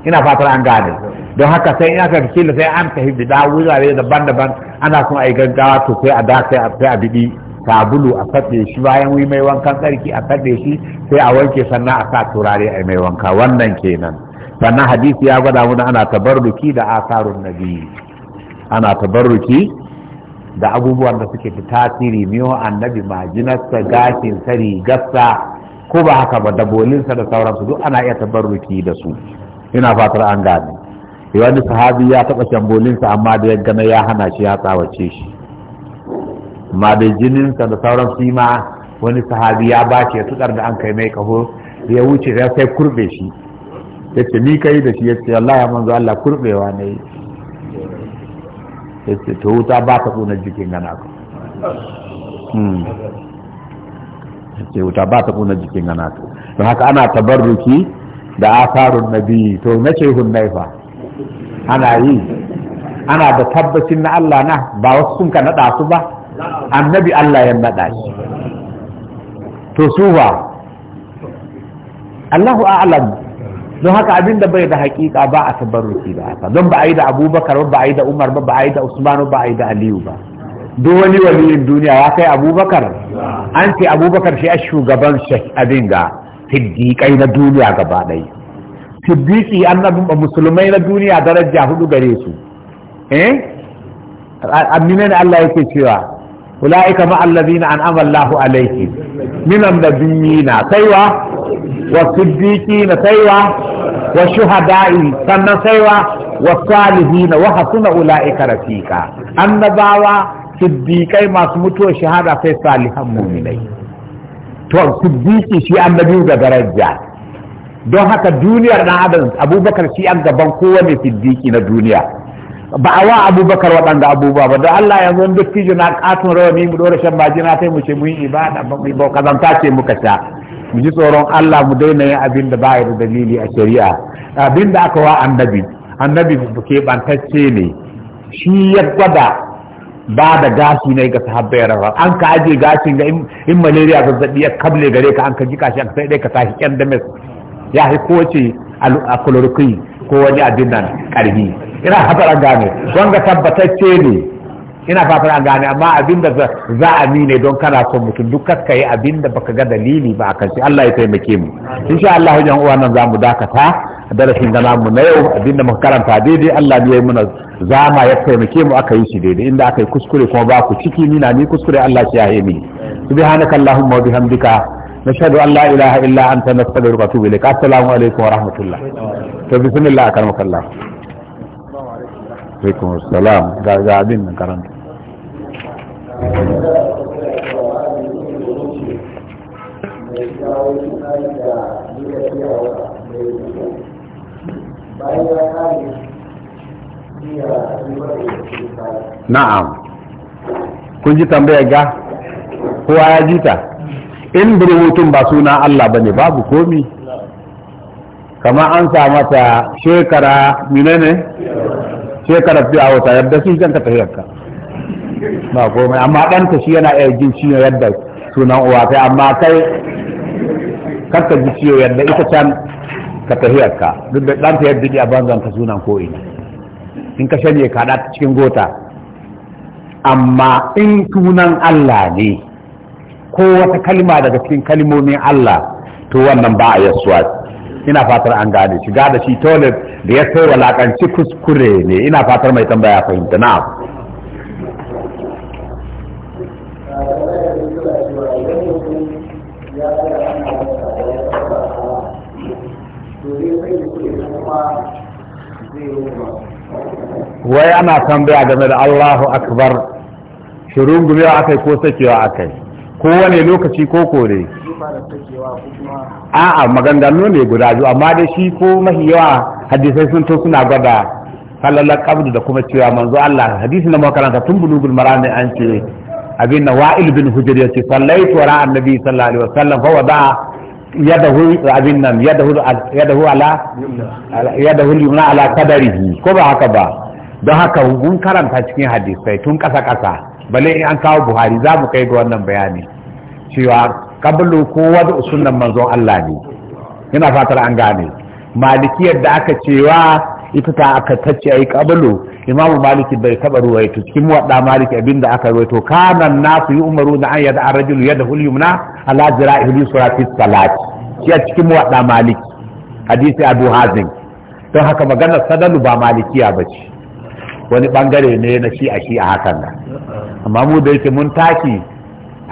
[SPEAKER 1] ina fatar an gane don haka sai in aka kila sai an tafi da wurare daban-daban ana son a yi gaggawa to sai a da sai a sai a biɗi sabulu a kaɗe shi bayan wi mai wankan tsarki a kaɗe shi sai a wanke sannan a sa turare a mai wanka wannan kenan sannan hadisi ya gwada mana ana tabarruki da asarun nabi ana tabarruki da abubuwan da suke tasiri miyo annabi majinarsa gashin ta rigarsa ko ba haka ba dabolinsa da sauransu duk ana iya tabarruki da su ina fatar an gane eh, wani sahabi ya taɓa shambolinsa amma da ya gana ya hana shi ya tsawace shi amma da jininsa da sauran sima wani sahabi ya ba ya tukar da an kai mai kaho ya wuce ya sai kurbe shi ya ce ni kai da shi ya ce Allah ya manzo Allah kurbewa ne ya ce to wuta ba ta tsunar jikin gana ka hmm. ya ce wuta ba ta tsunar jikin gana ka don haka ana tabarruki da asarun nabi to na ce hunnaifa ana yi ana da tabbacin na Allah na ba wasu sun ka naɗa su ba annabi Allah ya naɗa shi to su ba Allahu a'lam don haka abin da bai da hakika ba a tabarruki da haka don ba a yi da abubakar ba a yi da umar ba ba a yi da usman ba a yi da aliyu ba duk wani waliyin duniya ya kai abubakar an ce abubakar shi a shugaban abin ga siddiƙai na duniya gaba ɗaya siddiƙi annabin musulmai na duniya daraja hudu gare su eh amina ne Allah yake cewa ulaika ma allazina an'ama Allahu alaihim minan nabiyina saiwa wa siddiqina saiwa wa shuhada'i sannan saiwa wa salihina wa hasuna ulaika rafiqa annabawa siddiqai masu mutuwa shahada sai salihan mu'minai to siddiqi shi an nabi ga daraja don haka duniyar dan adam abubakar shi an gaban kowane siddiqi na duniya ba a wa abubakar waɗanda abubuwa ba don Allah yanzu duk dattijo na katon rawani mu dora shan bajina sai mu ce mu yi ibada ba mu ba kazanta ce muka sha mu ji tsoron Allah mu daina yin abin da ba ya da dalili a shari'a abin da aka wa annabi annabi ke bantacce ne shi ya gwada ba da gashi ne ga sahabbai rarar an ka aje gashin ga in malaria zazzabi ya kable gare ka an ka ji kashi an sai dai ka tashi ƴan damis ya yi kowace a chloroquine ko wani abin nan karfi ina fatar an gane Don ga tabbatacce ne ina fatar an gane amma abin da za a ne don kana son mutum duk ka yi abin da baka ga dalili ba a kan shi Allah ya taimake mu insha Allah wajen uwa nan za mu dakata darasin da namu na yau abinda muka karanta daidai Allah ne ya yi muna zama ya taimake mu aka yi shi daidai inda aka yi kuskure kuma ba ku ciki ni na ni kuskure Allah shi ya yi mini subhanaka allahumma wa bihamdika nashhadu an la ilaha illa anta nastaghfiruka wa atubu ilaik assalamu alaikum wa rahmatullah to bismillah akarmaka Allah alaikum assalam ga ga abin nan karanta
[SPEAKER 2] Thank you.
[SPEAKER 1] na'am kun ji tambayar ga kowa ya ji ta in rubutun ba suna Allah bane babu komi kama an sa mata shekara menene shekara fi a wata yadda sun kanka ta hiyarka ba komai amma ɗanta shi yana iya jin ciwo yadda sunan uwa kai amma kai ka ji ciwo yadda ita can ka ka duk da dan ta yaddi a banzan ka sunan ko ina in ka shanye ka da cikin gota amma in tunan Allah ne ko wata kalma daga cikin kalmomin Allah to wannan ba a yasuwa ina fatar an gane shiga da shi toilet da ya sai walakanci kuskure ne ina fatar mai tambaya fahimta na'am wai ana tambaya game da Allahu akbar shirun gumiwa akai ko sakewa akai ko wane lokaci ko kore a'a maganganu ne guda biyu amma dai shi ko mahi yawa hadisai sun to suna gwada sallallahu qabdu da kuma cewa manzo Allah hadisi na makaranta tun bulugul marami an ce abin na wa'il bin ya ce sallaitu wara annabi sallallahu alaihi wasallam fa wada yadahu abin nan yadahu yadahu ala yadahu ala qadarihi ko ba haka ba don haka mun karanta cikin hadisai tun ƙasa ƙasa bale in an kawo buhari za mu kai ga wannan bayani cewa kabulu ko wada sunan manzon Allah ne ina fatar an gane malikiyar da aka cewa ita ta aka tace ai kabulu imam maliki bai taba ruwaito cikin wadda maliki abinda aka ruwaito kana nasu yi umaru na an yada arrajul yada hul yumna ala zira'ihi li fi salat shi a cikin wadda maliki hadisi abu hazin don haka maganar sadalu ba malikiya bace wani bangare ne na shi a shi a hakan nan amma mu da yake mun tashi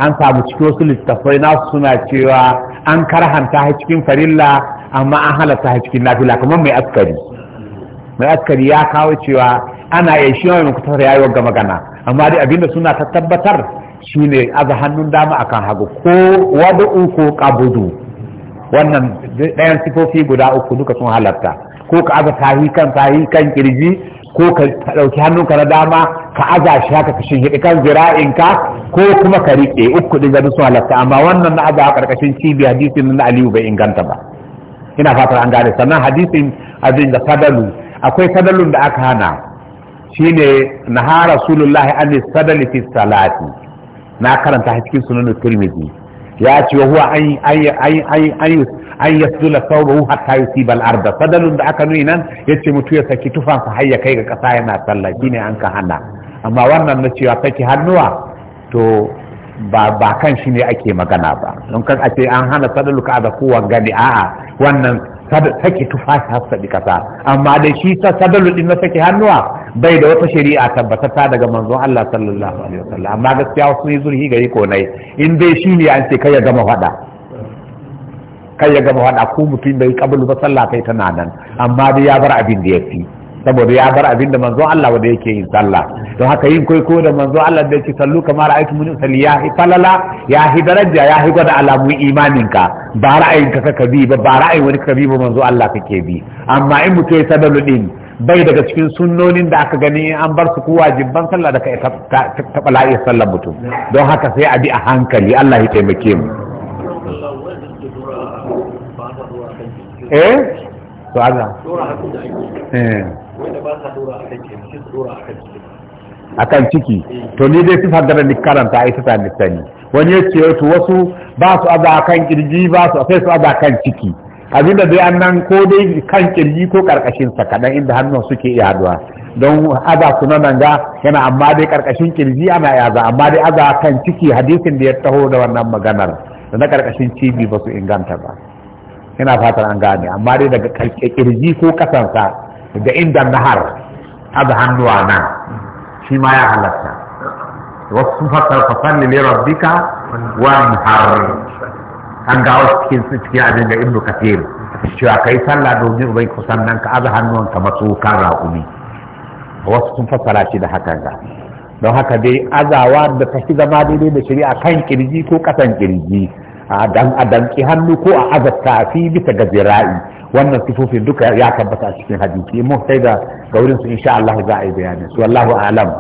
[SPEAKER 1] an samu cikin wasu littattafai nasu suna cewa an karhanta ha cikin farilla amma an halatta ha cikin nafila kamar mai askari mai askari ya kawo cewa ana iya shi wani kutar ya yi magana amma dai abinda suna ta tabbatar shine aza hannun dama akan hagu ko wadu'u ko kabudu wannan ɗayan sifofi guda uku duka sun halatta ko ka aza tahi kan tahi kan kirji ko ka ɗauki hannunka na dama ka aza shi haka ka shige kan zira'inka ko kuma ka riƙe uku ɗin gani sun halatta amma wannan na aza a ƙarƙashin cibiya hadisin na aliyu bai inganta ba ina fatar an gane sannan hadisin abin da sadalu akwai sadalun da aka hana shine naha rasulullahi an sadali fi salati na karanta cikin sunan tirmidhi ya ce wa huwa an an an yi yasdula sauru hatta sibal arda sadalun da aka nuna nan yace mutu ya saki tufansa har ya kai ga ƙasa yana sallah shine an ka hana amma wannan na cewa saki hannuwa to ba kan shi ne ake magana ba don kan ce an hana sadalu ka da kowa gani a'a wannan saki tufansa har saɗi ƙasa amma da shi ta sadalu din na saki hannuwa bai da wata shari'a tabbatata daga manzon Allah sallallahu alaihi wasallam amma gaskiya wasu ne zurhi gari ko nai in dai shi ne an ce kai ya gama faɗa kai ya gama wada ku mutum bai kabulu ba sallah kai tana nan amma dai ya bar abin da ya fi saboda ya bar abin da manzon Allah wanda yake yin sallah don haka yin koiko da manzon Allah da yake sallu kamar ra'aytu mun sali ya hi falala ya hi daraja ya hi gwada alamu imaninka ba ka kaka bi ba ba ra'ayin wani kaka bi ba manzon Allah kake bi amma in mutum ya sadalu din bai daga cikin sunnonin da aka gani an bar su ku wajibban sallah da kai taɓa la'iyar sallar mutum don haka sai a bi a hankali Allah ya taimake mu eh to Allah eh. a kan ciki eh. to ni dai sifar da ni karanta a isa ta sani wani ya ce to wasu ba su aza a kan kirji ba su sai su aza kan ciki abinda dai annan ko dai kan kirji ko karkashin sa kadan inda hannun suke iya haduwa don aza su na nan ga yana amma dai karkashin kirji ana yaza amma dai aza kan ciki hadisin da ya taho da wannan maganar da na karkashin cibi ba su inganta ba ina fatan an gane amma dai daga kirji ko kasansa da inda nahar abu hannuwa nan shi ma ya halatta wasu fasar fasar lili rabbika wani har an ga wasu cikin su cikin abin da ibnu kafir cewa kai sallah domin ubai kusan nan ka aza ka matso kan raƙumi wasu sun fasara shi da hakan ga don haka dai azawa da ta shi zama daidai da shari'a kan kirji ko kasan kirji a danki hannu ko a azabta fi bisa ga zira'i wannan sifofi duka ya tabbata a cikin hadisi mun sai da ga wurin su insha Allah za a yi bayani su wallahu alam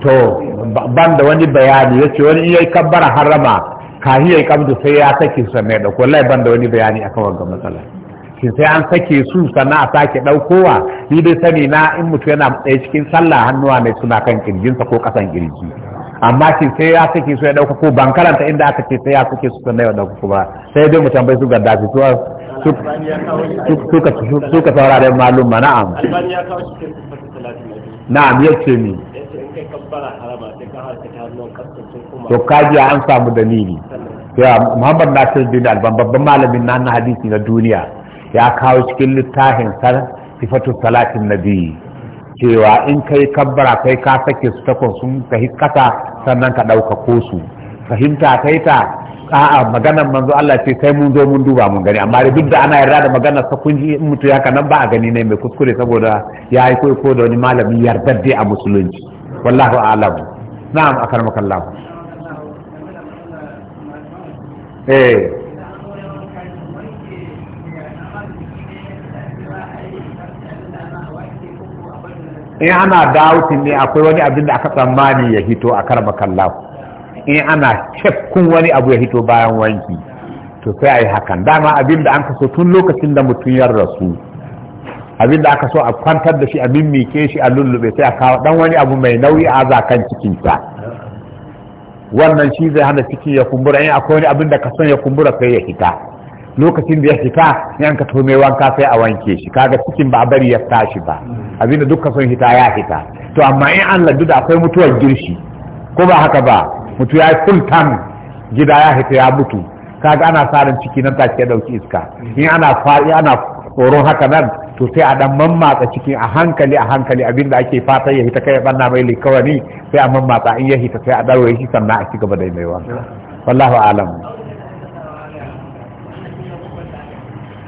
[SPEAKER 1] to ban da wani bayani ya ce wani iya yi kabbara harama ka ya kabdu sai ya sake su mai dauko lai ban da wani bayani akan wannan matsalar shi sai an sake su sannan a sake ɗaukowa ni dai sani na in mutu yana ɗaya cikin sallah hannuwa mai suna kan kirjinsa ko ƙasan kirji amma shi sai ya sake su ya ɗauka ko ban karanta inda aka ce sai ya sake su sannan ya ɗauka ba sai dai mu tambayi su gadda su
[SPEAKER 2] suka da malum ma na'am
[SPEAKER 1] na'am ce ni
[SPEAKER 2] to kaji an samu dalili
[SPEAKER 1] ya muhammad nasir bin alban babban malamin na hadisi na duniya ya kawo cikin littafin sifatu salatin nabi cewa in kai kabbara kai ka sake su takwas sun ka sannan ka ɗaukako su fahimta kai ta a'a maganar manzo Allah ce sai mun zo mun duba mun gani amma duk da ana yarda da maganar sa kun ji in mutu ya nan ba a gani ne mai kuskure saboda ya yi ko da wani malami yarda da a musulunci wallahu a'lam na'am akarmakallahu eh in ana dawutin ne akwai wani abin da aka tsammani ya hito a karba kallahu in ana cefkun wani abu ya hito bayan wanki to sai a yi hakan dama abin da an kaso tun lokacin da mutum ya rasu abin da aka so a kwantar da shi a mimmike shi a lullube sai a kawo dan wani abu mai nauyi a zakan cikinsa wannan shi zai hana ciki ya kumbura in akwai wani abin da ka son ya kumbura sai ya hita lokacin da ya fita in an ka to mai wanka sai a wanke shi kaga cikin ba a bari ya tashi ba abinda dukkan sun hita ya hita to amma in an laddu da akwai mutuwar girshi ko ba haka ba mutu ya yi full time gida ya hita ya mutu kaga ana sarin ciki nan ta ya dauki iska in ana ana tsoron haka nan to sai a dan mammatsa cikin a hankali a hankali abin da ake fatan ya hita kai banna mai likawani sai a mammatsa in ya hita sai a darwaye shi sannan a ci gaba da mai wanka wallahu a'lam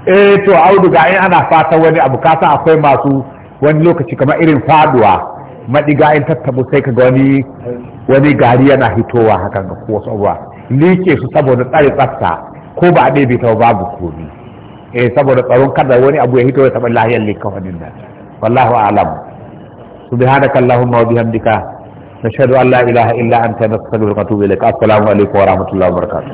[SPEAKER 1] eh to Audu ga in ana fatan wani abu kasa akwai masu wani lokaci kamar irin faduwa madiga in tattabu sai ka wani wani gari yana hitowa hakan ga wasu abuwa like su saboda tsare tsafta ko ba a ɗebe ta babu komi eh saboda tsaron kada wani abu ya hito ya taɓa lahiyar wani nan wallahu alam subhanaka allahumma wa bihamdika nashhadu an la ilaha illa anta nastaghfiruka wa natubu ilaik assalamu alaikum wa rahmatullahi wa
[SPEAKER 2] barakatuh